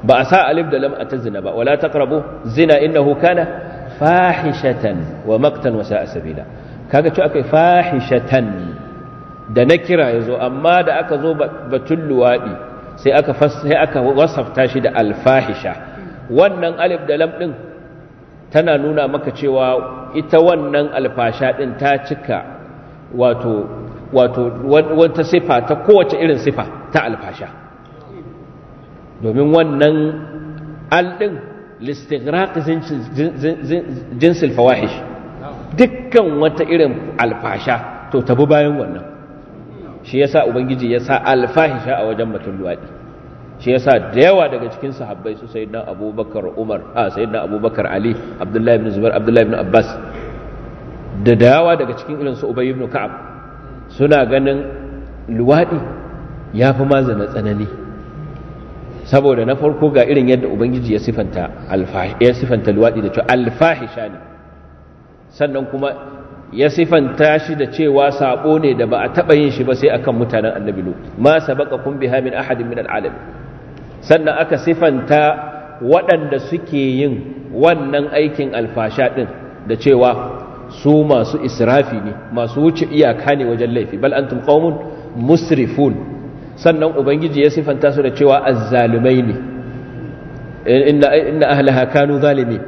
ba a sa alif da lam a ta zina ba wala taqrabu zina innahu kana fahishatan wa maqtan wa sa'a sabila kaga ce aka fahishatan da na kira ya zo amma da aka zo batun luwaɗi sai aka sai aka wasafta shi da alfahisha wannan alif da lam ɗin tana nuna maka cewa ita wannan alfasha ɗin ta cika wato wato wata sifa ta kowace irin sifa ta alfasha domin wannan al ɗin listighraq jinsil fawahish dukkan wata irin alfasha to tabu bayan wannan shi yasa ubangiji ya sa alfahisha a wajen batun luwaɗi shi yasa da yawa daga cikin sahabbai su sayyidina abubakar umar a sayyidina abubakar ali abdullahi ibn zubair abdullahi ibn abbas da dawa daga cikin irin su ubay ibn ka'ab suna ganin luwaɗi ya fi mazana tsanani saboda na farko ga irin yadda ubangiji ya sifanta ya sifanta luwaɗi da cewa alfahisha ne sannan kuma ya sifanta shi da cewa sabo ne da ba a taba yin shi ba sai akan mutanen annabi lut ma kun biha min ahadin min al'alam sannan aka sifanta waɗanda suke yin wannan aikin alfasha din da cewa su masu israfi ne masu wuce iyaka ne wajen laifi bal antum qaumun musrifun sannan ubangiji ya sifanta su da cewa azzalumai ne inna inna ahlaha kanu zalimin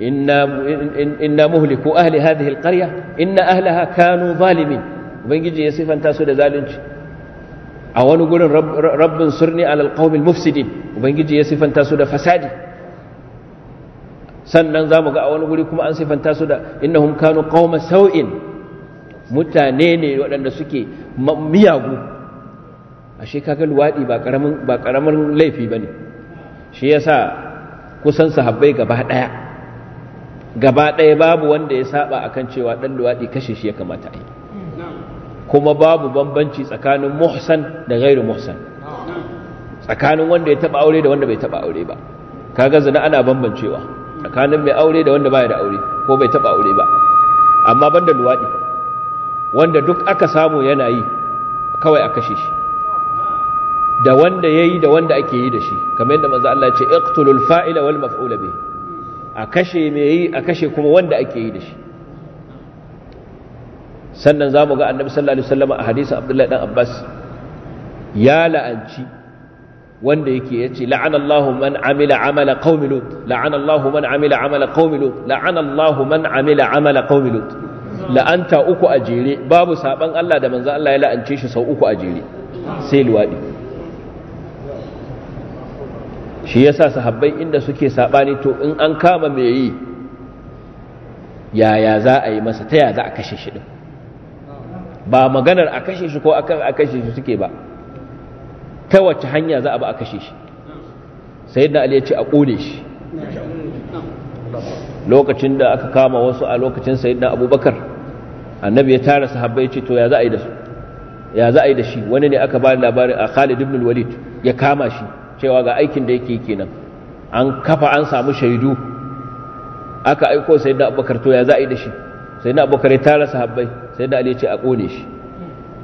inna muhliku ahli hadhihi alqarya inna ahlaha kanu zalimin ubangiji ya sifanta su da zalunci a wani gurin rabbin surni alal qaumil mufsidin ubangiji ya sifanta su da fasadi sannan za mu ga a wani guri kuma an sifanta su da innahum kanu qauma sau'in mutane ne waɗanda suke miyagu ashe kaga luwaɗi ba ƙaramin ba ƙaramin laifi bane shi yasa kusan sahabbai gaba ɗaya gaba ɗaya babu wanda ya saba akan cewa ɗan luwaɗi kashe shi ya kamata a yi kuma babu bambanci tsakanin muhsan da gairu muhsan tsakanin wanda ya taba aure da wanda bai taba aure ba kaga zina ana bambancewa tsakanin mai aure da wanda baya da aure ko bai taba aure ba amma banda luwaɗi wanda duk aka samu yana yi kawai a kashe shi da wanda ya yi da wanda ake yi da shi kamar yadda manzo Allah ya ce iqtulul fa'ila wal maf'ula bihi a kashe mai yi a kashe kuma wanda ake yi da shi sannan za mu ga annabi sallallahu alaihi wasallam a hadisi abdullahi dan abbas ya la'anci wanda yake yace la'anallahu man amila amala qaumi lut la'anallahu man amila amala qaumi lut la'anallahu man amila amala qaumi lut la'anta uku a jere babu saban Allah da manzo Allah ya la'ance shi sau uku a jere sai luwadi shi yasa sahabbai inda suke sabani to in an kama me yi yaya za a yi masa ta yaya za a kashe shi din ba maganar a kashe shi ko kan a kashe shi suke ba ta wace hanya za a ba a kashe shi sayyidina ali ya ce a ƙone shi lokacin da aka kama wasu a lokacin sayyidina abubakar annabi ya tara sahabbai ya ce to ya za a yi da su ya za a yi da shi wani ne aka ba labarin a khalid ibn walid ya kama shi cewa ga aikin da yake kenan an kafa an samu shaidu aka aiko sai da abubakar to ya za a yi da shi sai da abubakar ya tara sahabbai sai da ali ya ce a kone shi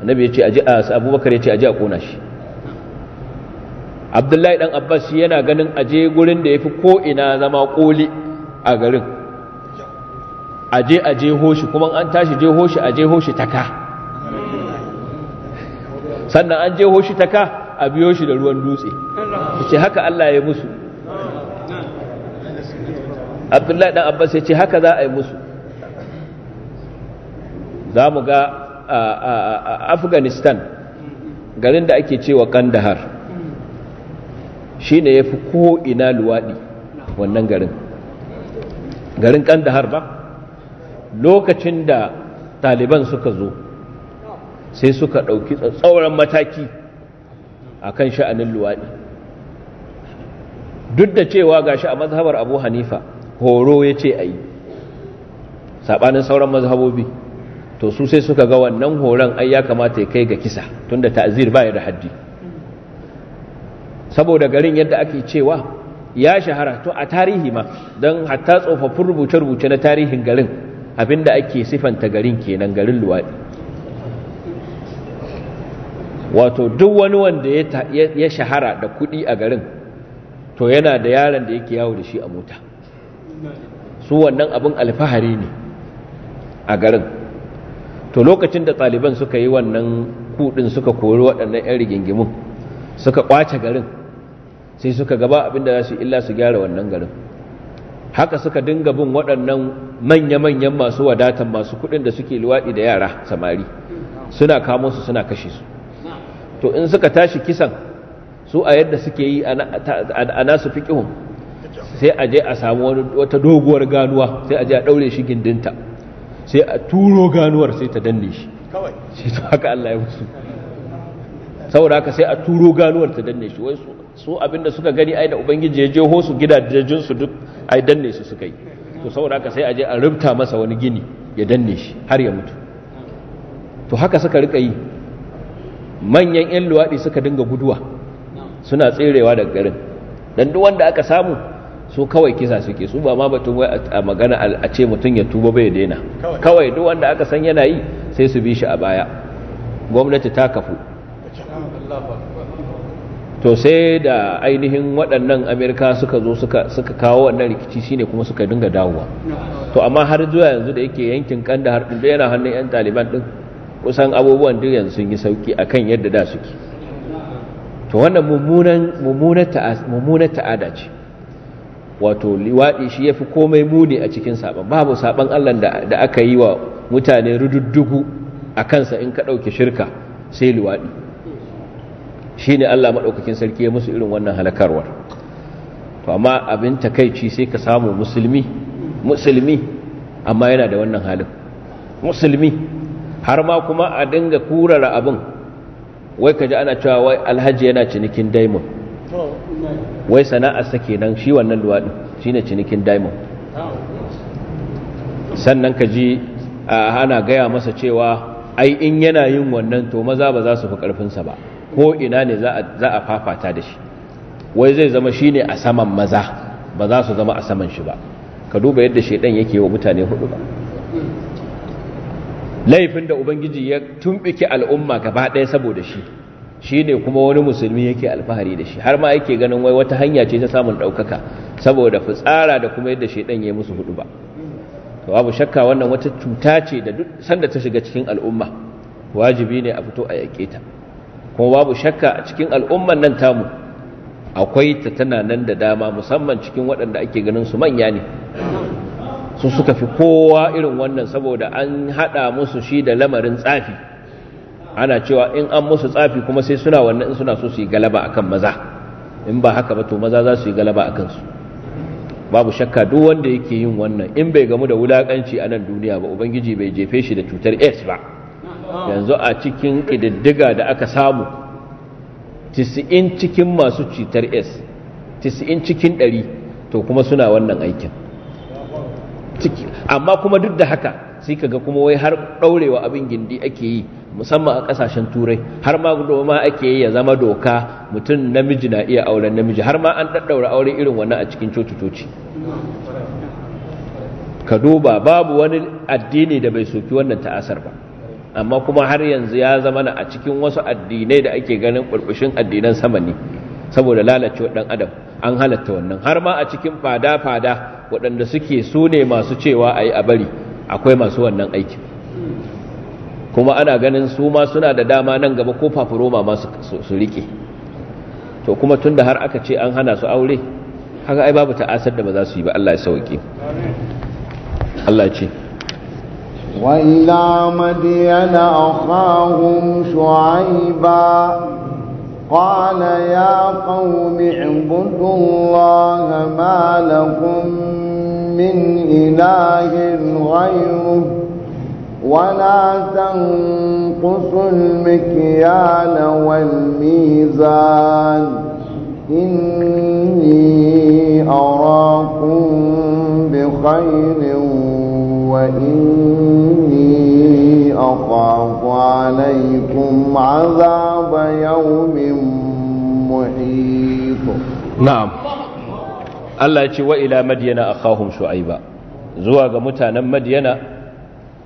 annabi ya ce abubakar ya ce a a kona shi abdullahi dan abbas shi yana ganin aje gurin da ya fi ko'ina zama koli a garin aje aje hoshi kuma an tashi je hoshi aje hoshi taka sannan an je hoshi taka a biyo shi da ruwan dutse ce haka Allah ya musu abdullahi ɗan abbas ya ce haka za a yi musu za mu ga a afghanistan garin da ake cewa kandahar shi ne ya fi ko'ina luwaɗi wannan garin garin kandahar ba lokacin da taliban suka zo sai suka ɗauki tsauran mataki akan sha'anin luwaɗi duk da cewa gashi a mazhabar abu hanifa horo ya ce a yi saɓanin sauran mazhabobi to su sai suka ga wannan horon ai ya kamata ya kai ga kisa tunda ta'zir ba da haddi saboda garin yadda ake cewa ya shahara to a tarihi ma don hatta tsofaffin rubuce-rubuce na tarihin garin abinda ake sifanta garin kenan garin luwaɗi wato duk wani wanda ya shahara da kuɗi a garin to yana da yaron da yake yawo da shi a mota su wannan abin alfahari ne a garin to lokacin da ɗaliban suka yi wannan kuɗin suka kori waɗannan 'yan rigingimin suka kwace garin sai suka gaba abin da za su illa su gyara wannan garin haka suka dinga bin waɗannan manya-manyan masu wadatan masu kuɗin da suke luwaɗi da yara samari suna kamo su suna kashe su to in suka tashi kisan su a yadda suke yi a nasu fiƙihun sai a je a samu wata doguwar ganuwa sai a je a ɗaure shi gindinta sai a turo ganuwar sai ta danne shi shi to haka Allah ya musu saboda haka sai a turo ganuwar ta danne shi wai su abinda suka gani ai da ubangiji ya jeho su gidajen su duk ai danne su suka yi to saboda haka sai a je a rubta masa wani gini ya danne shi har ya mutu to haka suka rika yi manyan 'yan luwaɗi suka dinga guduwa suna tserewa daga garin don duk aka samu su kawai kisa suke su ba ma batun wai a magana a ce mutum ya tuba bai daina kawai duk aka san yana yi sai su bi shi a baya gwamnati ta kafu to sai da ainihin waɗannan amerika suka zo suka kawo wannan rikici shine kuma suka dinga dawowa to amma har zuwa yanzu da yake yankin kanda har ɗin yana hannun 'yan taliban ɗin kusan abubuwan duk yanzu sun yi sauki kan yadda da suke to wannan mummunar ta'ada ce wato liwaɗi shi ya fi komai muni a cikin saɓan. babu saɓan allah da aka yi wa mutane rududdugu a kansa in ka ɗauki shirka sai liwaɗi shi ne allah maɗaukakin sarki ya musu irin wannan halakarwar to amma abin takaici sai ka samu musulmi musulmi amma yana da wannan halin musulmi har ma kuma a dinga kurara abin wai ka ji ana cewa wai alhaji yana cinikin daimon wai sana'arsa kenan shi wannan luwaɗi, shi ne cinikin daimon sannan ka a ana gaya masa cewa ai in yana yin wannan to maza ba za su fi ƙarfinsa ba ko ina ne za a fafata da shi wai zai zama shi ne a saman maza ba za su zama a saman shi ba ka duba yadda shaidan yake wa mutane hudu ba laifin da ubangiji ya tumbike al'umma gaba ɗaya saboda shi shi ne kuma wani musulmi yake alfahari da shi har ma yake ganin wai wata hanya ce ta samun ɗaukaka saboda fitsara da kuma yadda shaidan ya yi musu hudu ba to babu shakka wannan wata cuta ce da duk sanda ta shiga cikin al'umma wajibi ne a fito a yaƙe ta kuma babu shakka a cikin al'umman nan tamu akwai ta tana nan da dama musamman cikin waɗanda ake ganin su manya ne su suka fi kowa irin wannan saboda an haɗa musu shi da lamarin tsafi ana cewa in an musu tsafi kuma sai suna wannan in suna so su yi galaba akan maza in ba haka ba to maza za su yi galaba akan su babu shakka duk wanda yake yin wannan in bai gamu da wulakanci a nan duniya ba ubangiji bai jefe shi da cutar aids ba yanzu a cikin ƙididdiga da aka samu 90 cikin masu cutar aids 90 cikin 100 to kuma suna wannan aikin ciki amma kuma duk da haka sai kaga kuma wai har daurewa abin gindi ake yi musamman a kasashen turai har ma ma ake yi ya zama doka mutum namiji na iya auren namiji har ma an daddaura aure irin wannan a cikin cututoci. ka duba babu wani addini da bai soki wannan ta'asar ba amma kuma har yanzu ya zama na a cikin wasu addinai da ake ganin burbushin addinan sama ne saboda lalacewa ɗan adam an halatta wannan har ma a cikin fada-fada waɗanda suke su ne masu cewa a yi a bari akwai masu wannan aiki kuma ana ganin su ma suna da dama nan gaba ko fafuroma ma su riƙe to kuma tun da har aka ce an hana su aure haka ai babu ta'asar da ba za su yi ba Allah ya sauƙi Allah ce wa ila madiyana akhahum shu'aiba قال يا قوم اعبدوا الله ما لكم من إله غيره ولا تنقصوا المكيال والميزان إني أراكم بخير وإني أخاف عليكم عذاب يوم محيط نعم Allah ce wa ila madiyana akhahum shu'aiba zuwa ga mutanen madiyana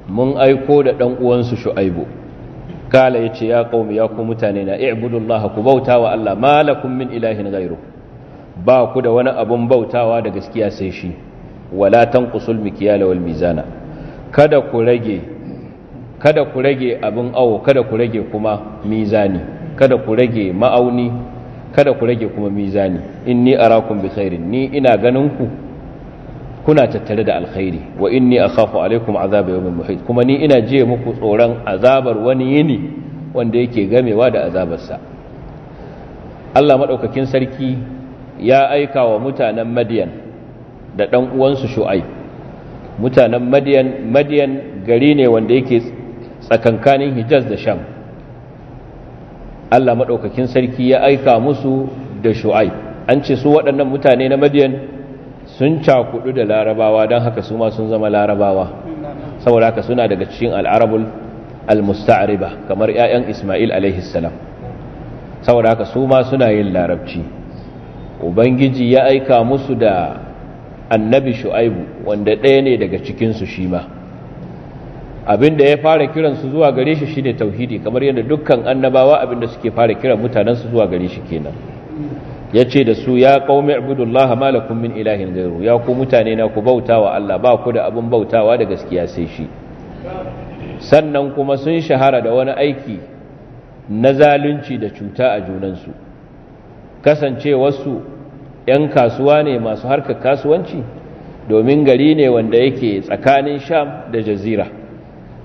mun aiko da dan uwansu shu'aibu kala yace ya qaumi ya ku mutane na i'budullaha ku bautawa Allah malakum min ilahin ghairu ba ku da wani abun bautawa da gaskiya sai shi wala tanqusul mikyala wal mizana kada ku rage kada ku rage abin awo kada ku rage kuma mizani kada ku rage ma'auni kada ku rage kuma mizani inni arakum bi khairin ni ina ganin ku kuna tattare da alkhairi wa inni akhafu alaikum azaba yawmin muhit kuma ni ina je muku tsoron azabar wani yini wanda yake gamewa da azabarsa Allah madaukakin sarki ya aika wa mutanen Madian da dan uwansu Shu'aib mutanen Madian Madian gari ne wanda yake tsakankanin hijaz da sham allah maɗaukakin sarki ya aika musu da shu'ai an ce su waɗannan mutane na madiyan sun cakudu da larabawa don haka su ma sun zama larabawa saboda haka suna daga cikin al'arabul al-musta'riba kamar 'ya'yan isma'il alaihi salam saboda haka su ma suna yin larabci ubangiji ya aika musu da annabi shu'aibu wanda ɗaya ne daga cikinsu shi ma abin da ya fara kiransu zuwa gare shi shine tauhidi kamar yadda dukkan annabawa abin da suke fara kiran mutanensu zuwa gare shi kenan yace da su ya qaumi ibudullaha malakum min ilahin ghayru ya ku mutane na ku bautawa Allah ba ku da abin bautawa da gaskiya sai shi sannan kuma sun shahara da wani aiki na zalunci da cuta a junansu Kasance wasu 'yan kasuwa ne masu harkar kasuwanci domin gari ne wanda yake tsakanin sham da jazira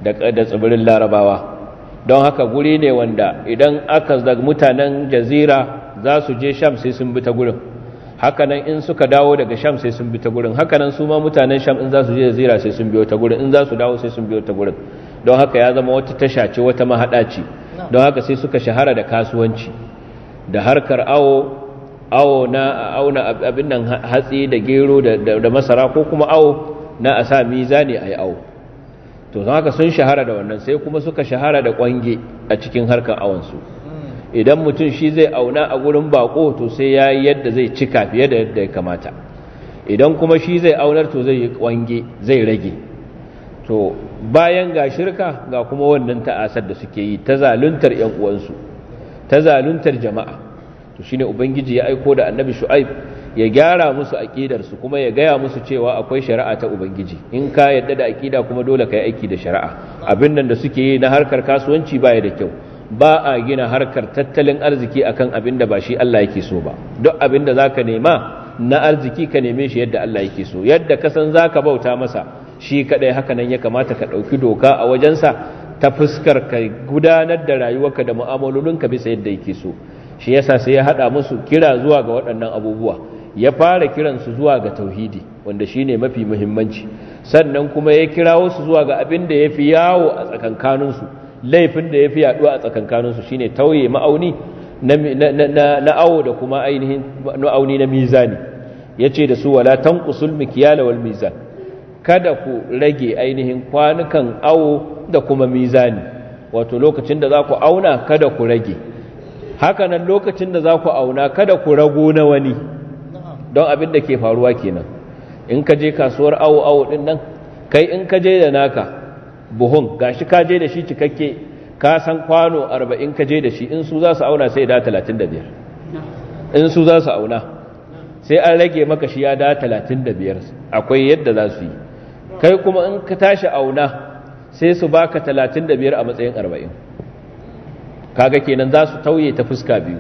da tsibirin larabawa don haka guri ne wanda idan aka da mutanen jazira za su je sham sai sun bi ta gurin hakanan in suka dawo daga sham sai sun bi ta gurin hakanan su ma mutanen sham in za su je jazira sai sun biyo ta gurin in za su dawo sai sun biyo ta gurin don haka ya zama wata tasha ce wata mahaɗa ce don haka sai suka shahara da kasuwanci da harkar awo awo na auna abin nan hatsi da gero da masara ko kuma awo na a sa mizani a yi awo to za haka sun shahara da wannan sai kuma suka shahara da kwange a cikin harkar awansu idan mutum shi zai auna a gurin bako to sai ya yi yadda zai cika fiye da yadda ya kamata idan kuma shi zai aunar to zai yi kwange zai rage to bayan ga shirka ga kuma wannan ta'asar da suke yi ta zaluntar yan uwansu ta zaluntar jama'a to shine ubangiji ya aiko da annabi shu'aib ya gyara musu su kuma ya gaya musu cewa akwai shari'a ta ubangiji in ka yadda da aqida kuma dole ka yi aiki da shari'a abin nan da suke yi na harkar kasuwanci baya da kyau ba a gina harkar tattalin arziki akan abin da ba shi Allah yake so ba duk abin da zaka nema na arziki ka neme shi yadda Allah yake so yadda ka san zaka bauta masa shi kadai haka nan ya kamata ka dauki doka a wajensa ta fuskar ka gudanar da rayuwarka da mu'amalolinka bisa yadda yake so shi yasa sai ya hada musu kira zuwa ga waɗannan abubuwa ya fara kiransu zuwa ga tauhidi wanda shine mafi muhimmanci sannan kuma ya kira wasu zuwa ga abin da yafi yawo a tsakankaninsu laifin da yafi yaduwa a tsakankaninsu shine tauye ma'auni na awo da kuma ainihin ma'auni na mizani yace da su wala tan tanqusul mikyala wal mizan kada ku rage ainihin kwanukan awo da kuma mizani wato lokacin da za ku auna kada ku rage hakanan lokacin da za ku auna kada ku rago na wani don abin da ke faruwa kenan in ka je kasuwar awo awo din nan kai in ka je da naka buhun gashi ka je da shi cikakke ka san kwano 40 ka je da shi in su za su auna sai da 35 in su za su auna sai an rage maka shi ya da 35 akwai yadda za su yi kai kuma in ka tashi auna sai su baka 35 a matsayin 40 kaga kenan za su tauye ta fuska biyu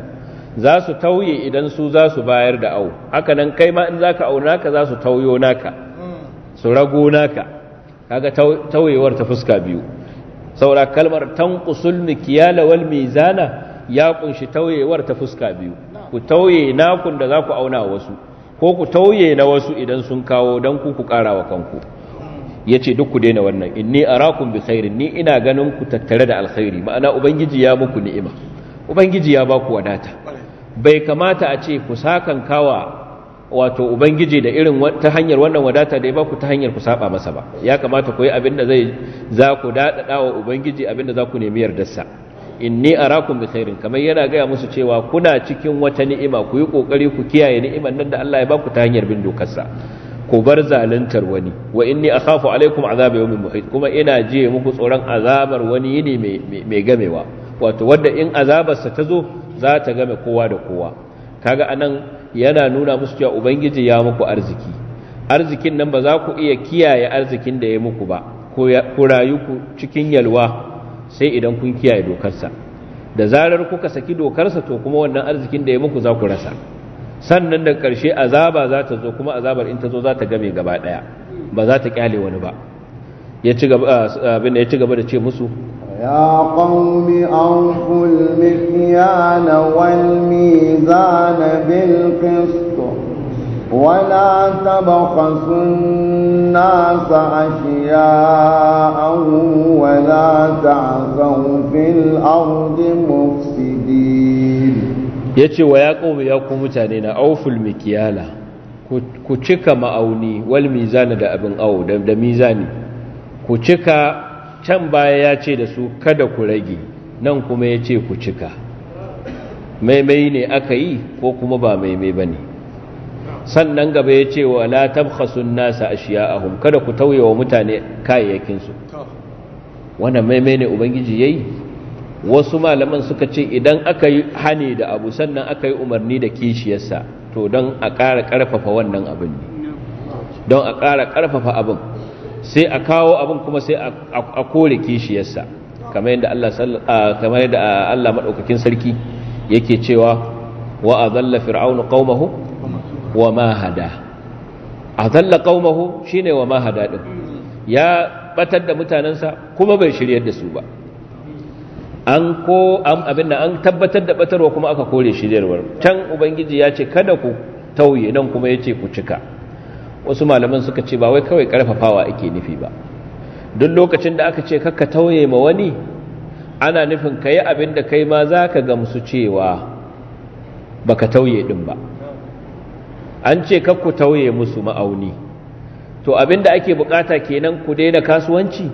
za su tauye idan su za su bayar da au haka nan kai ma in za ka auna ka za su tauyo naka su rago naka kaga tauyewar ta fuska biyu saura kalmar tanqusul mikyala wal mizana ya kunshi tauyewar ta fuska biyu ku tauye nakun da za ku auna wasu ko ku tauye na wasu idan sun kawo dan ku ku karawa kanku Yace duk ku daina wannan inni arakum bi khairin ni ina ganin ku tattare da alkhairi ma'ana ubangiji ya muku ni'ima ubangiji ya baku wadata bai kamata a ce ku sakan kawa wato ubangiji da irin ta hanyar wannan wadata da ya ku ta hanyar ku saba masa ba ya kamata ku yi abin da zai za ku dadada wa ubangiji abin da za ku nemi yardarsa inni arakum bi khairin kamar yana gaya musu cewa kuna cikin wata ni'ima ku yi kokari ku kiyaye ni'iman nan da Allah ya ba ku ta hanyar bin dokarsa ku bar zaluntar wani wa inni akhafu alaikum azaba yawmin muhit kuma ina jiye muku tsoron azabar wani yini mai gamewa wato wanda in azabarsa ta zo za ta game kowa da kowa kaga anan yana nuna musu cewa ubangiji ya muku arziki arzikin nan ba za ku iya kiyaye arzikin da ya muku ba ku rayu ku cikin yalwa sai idan kun kiyaye dokarsa da zarar kuka saki dokarsa to kuma wannan arzikin da ya muku za ku rasa sannan da ƙarshe azaba za ta zo kuma azabar in ta zo za ta game gaba ɗaya ba za ta ƙyale wani ba ya ci gaba da ce musu يا قوم أوفوا المكيال والميزان بالقسط ولا تبخسوا الناس أشياءهم ولا تعزوا في الأرض مفسدين يتي ويا قوم يا قوم متانينا أوفوا المكيال ku cika ma'auni wal mizana da abin awo da mizani ku cika can baya ya ce da su kada ku rage nan kuma ya ce ku cika maimai ne aka yi ko kuma ba maimai ba ne sannan gaba ya ce wa la tabkhasun nasa ahun. kada ku tauye wa mutane kayayyakinsu wannan maimai ne ubangiji yi? wasu malaman suka ce idan aka yi hane da abu sannan aka yi umarni da kishiyarsa to don a ƙara ƙarfafa wannan abin ne don a ƙara ƙarfafa abin sai a kawo abin kuma sai a kore kishiyarsa kamar yadda Allah kamar yadda Allah madaukakin sarki yake cewa wa azalla fir'aunu qaumahu wa ma hada adalla qaumahu shine wa ma hada din ya batar da mutanansa kuma bai shiryar da su ba an ko abin nan an tabbatar da batarwa kuma aka kore shiryarwar can ubangiji ya ce kada ku tauye nan kuma yace ku cika wasu malaman suka ce ba wai kawai karfafawa ake nufi ba duk lokacin da aka ce kakka tauye ma wani ana nufin ka yi abin da kai ma za ka gamsu cewa ba ka tauye ɗin ba an ce kakku tauye musu ma'auni to abin da ake bukata kenan ku daina kasuwanci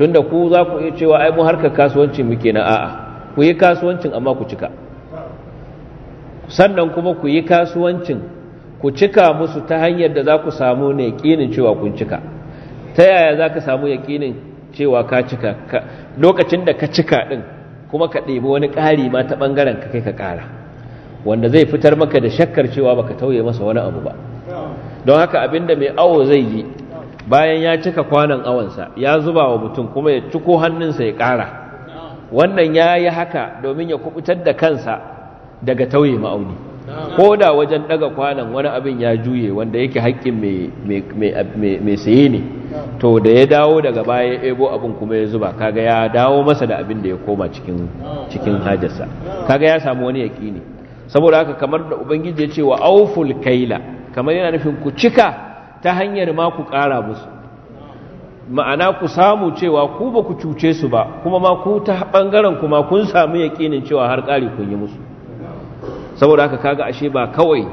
tunda ku za ku iya cewa ai mu harkar kasuwanci muke na a'a ku yi kasuwancin amma ku cika sannan kuma ku yi kasuwancin ku cika musu ta hanyar da za ku samu ne yaƙinin cewa kun cika ta yaya za ka samu ya yaƙinin cewa ka cika lokacin da ka cika ɗin kuma ka ɗebi wani ƙari ma ta ɓangaren ka kai ka ƙara wanda zai fitar maka da shakkar cewa ba ka tauye masa wani abu ba don haka abin da mai awo zai yi bayan ya cika kwanan awonsa ya zuba wa mutum kuma ya ciko hannunsa ya ƙara wannan ya yi haka domin ya kubutar da kansa daga tauye ma'auni ko da wajen daga kwanan wani abin ya juye wanda yake haƙƙin mai saye ne to da ya dawo daga baya ya ebo abin kuma ya zuba kaga ya dawo masa da abin da ya koma cikin hajarsa kaga ya samu wani yaƙi ne saboda haka kamar da ubangiji ya ce wa auful kaila kamar yana nufin ku cika ta hanyar ma ku ƙara musu ma'ana ku samu cewa ku ba ku cuce su ba kuma ma ku ta ɓangaren kuma kun samu yaƙinin cewa har ƙari kun yi musu saboda haka kaga ashe ba kawai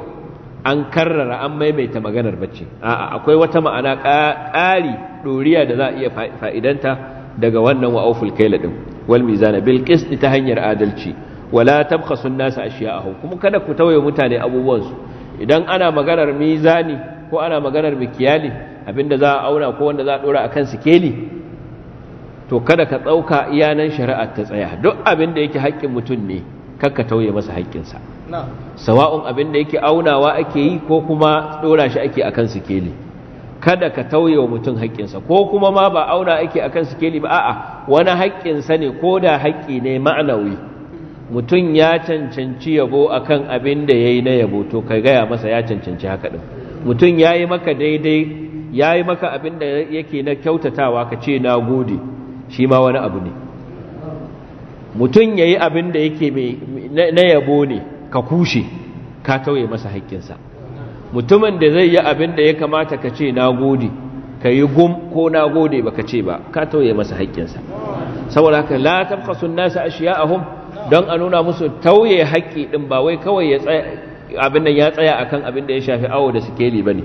an karrara an maimaita maganar bacci a'a akwai wata ma'ana ƙari ɗoriya da za a iya fa'idanta daga wannan wa'auful kaila din wal mizana bil qist ta hanyar adalci wala tabkhasu an-nasa ashiya'ahum kuma kada ku tawaye mutane abubuwan su idan ana maganar mizani ko ana maganar mikiyali abinda za a auna ko wanda za a dora akan sikeli to kada ka tsauka iyanan shari'ar ta tsaya duk abin da yake haƙƙin mutum ne kakka tauye masa haƙƙinsa sawa'un abin da yake aunawa ake yi ko kuma dora shi ake akan sikeli kada ka tauye wa mutum haƙƙinsa ko kuma ma ba auna ake akan sikeli ba a'a wani sa ne ko da haƙƙi ne ma'anawi mutum ya cancanci yabo akan abin da yayi na yabo to ka gaya masa ya cancanci haka ɗin. mutum yayi maka daidai yayi maka abin da yake na kyautatawa ka ce na gode shi ma wani abu ne mutum yayi abin da yake na yabo ne ka kushe ka tauye masa haƙƙinsa mutumin da zai yi abin da ya kamata ka ce na gode ka yi gum ko na gode ba ka ce ba ka tauye masa haƙƙinsa saboda haka la tabkhasun nasa ashiya'ahum don a nuna musu tauye haƙƙi ɗin ba wai kawai ya tsaya abin nan ya tsaya akan abin da ya shafi awo da sikeli bane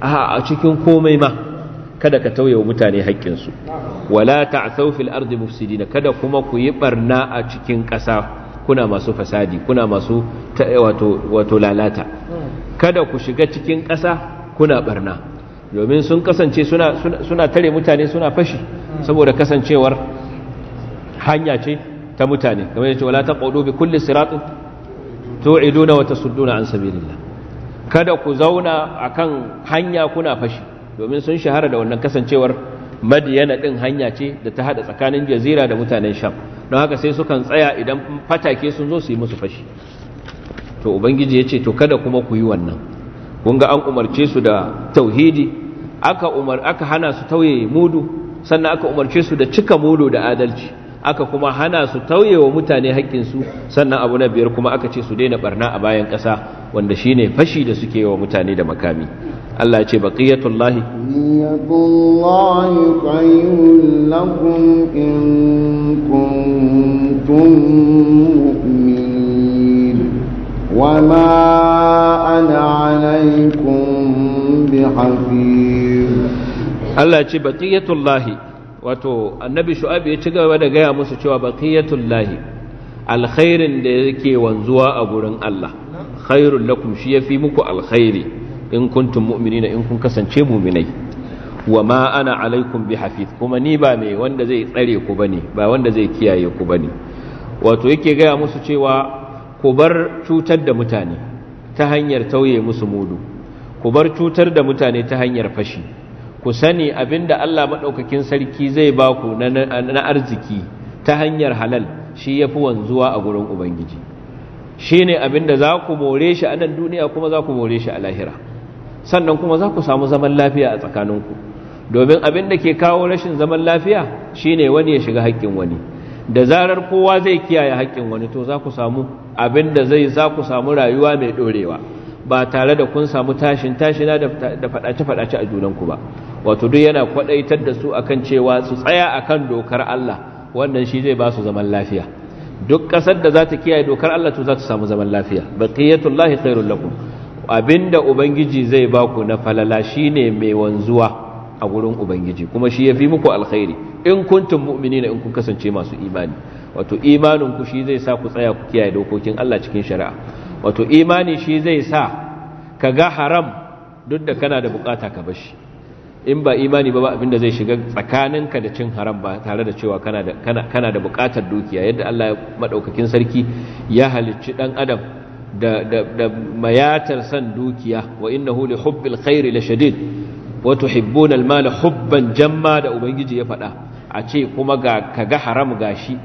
a a cikin komai ma kada ka tauye wa mutane haƙƙinsu wala ta'thaw fil ardi mufsidina kada kuma ku yi barna a cikin ƙasa kuna masu fasadi kuna masu wato wato lalata kada ku shiga cikin ƙasa kuna barna domin sun kasance suna tare mutane suna fashi saboda kasancewar hanya ce ta mutane kamar yace wala taqudu bi kulli siratin tu'iduna wa tasudduna an sabilillah kada ku zauna akan hanya kuna fashi domin sun shahara da wannan kasancewar madiyana din hanya ce da ta hada tsakanin jazira da mutanen sham don haka sai sukan tsaya idan fatake sun zo su yi musu fashi to ubangiji ya ce to kada kuma ku yi wannan kun ga an umarce su da tauhidi aka umar aka hana su tauye mudu sannan aka umarce su da cika mudu da adalci aka kuma hana su tauye wa mutane haƙƙinsu sannan abu na biyar kuma aka ce su daina barna a bayan ƙasa wanda shine fashi da suke wa mutane da makami Allah ya ce baqiyatullahi baqiyatullahi wama ana Allah ya ce wato annabi shu'aib ya ci gaba da gaya musu cewa baqiyatullahi alkhairin da yake wanzuwa a gurin Allah khairul lakum shi ya fi muku alkhairi in kuntum mu'minina in kun kasance mu'minai wa ma ana alaikum bi hafiz kuma ni ba mai wanda zai tsare ku bane ba wanda zai kiyaye ku bane wato yake gaya musu cewa ku bar cutar da mutane ta hanyar tauye musu mudu ku bar cutar da mutane ta hanyar fashi ku sani abinda Allah madaukakin sarki zai ba ku na arziki ta hanyar halal shi yafi wanzuwa a gurin ubangiji shine abinda za ku more shi a nan duniya kuma za ku more shi a lahira sannan kuma za ku samu zaman lafiya a tsakaninku domin abin da ke kawo rashin zaman lafiya shine wani ya shiga haƙƙin wani da zarar kowa zai kiyaye haƙƙin wani to za ku samu abin da zai za ku samu rayuwa mai ɗorewa ba tare da kun samu tashin tashina da faɗace-faɗace a junanku ba wato duk yana kwaɗaitar da su akan cewa su tsaya akan dokar Allah wannan shi zai ba su zaman lafiya duk ƙasar da za ta kiyaye dokar Allah to za ta samu zaman lafiya baqiyatullahi khairul lakum abinda ubangiji zai ba ku na falala shine mai wanzuwa a wurin ubangiji kuma shi ya fi muku alkhairi in kuntum na in kun kasance masu imani wato imanin ku shi zai sa ku tsaya ku kiyaye dokokin Allah cikin shari'a wato imani shi zai sa ka ga haram duk da kana da bukata ka bashi in ba imani ba ba abinda zai shiga tsakaninka da cin haram ba tare da cewa kana da kana da bukatar dukiya yadda Allah madaukakin sarki ya halicci dan adam da mayatar san dukiya wa innahu li hubbil khairi la shadid wa tuhibbuna al hubban jamma da ubangiji ya faɗa a ce kuma ga kaga haram gashi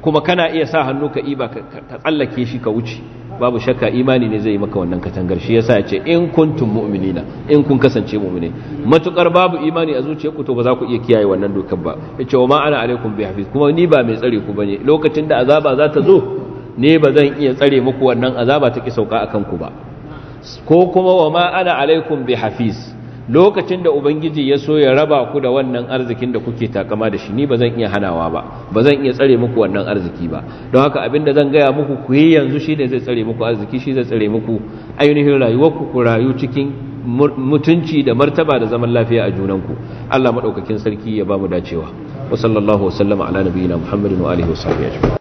kuma kana iya sa hannu ka iba ka tsallake shi ka wuce babu shakka imani ne zai maka wannan katangar shi yasa ya ce in kuntum mu'minina in kun kasance mu'mine matukar babu imani a ku to ba za ku iya kiyaye wannan dokar ba yace wa ma ana alaikum bi hafiz kuma ni ba mai tsare ku bane lokacin da azaba za ta zo ne ba zan iya tsare muku wannan azaba ta ki sauka akan ku ba ko kuma wa ma ana alaikum bi hafiz lokacin da ubangiji ya so ya raba ku da wannan arzikin da kuke takama da shi ni ba zan iya hanawa ba ba zan iya tsare muku wannan arziki ba don haka abin da zan gaya muku ku yi yanzu shi ne zai tsare muku arziki shi zai tsare muku ainihin rayuwarku ku rayu cikin mutunci da martaba da zaman lafiya a junanku Allah maɗaukakin sarki ya ba mu dacewa wa sallallahu wa sallama ala nabiyina muhammadin wa alihi wa sahbihi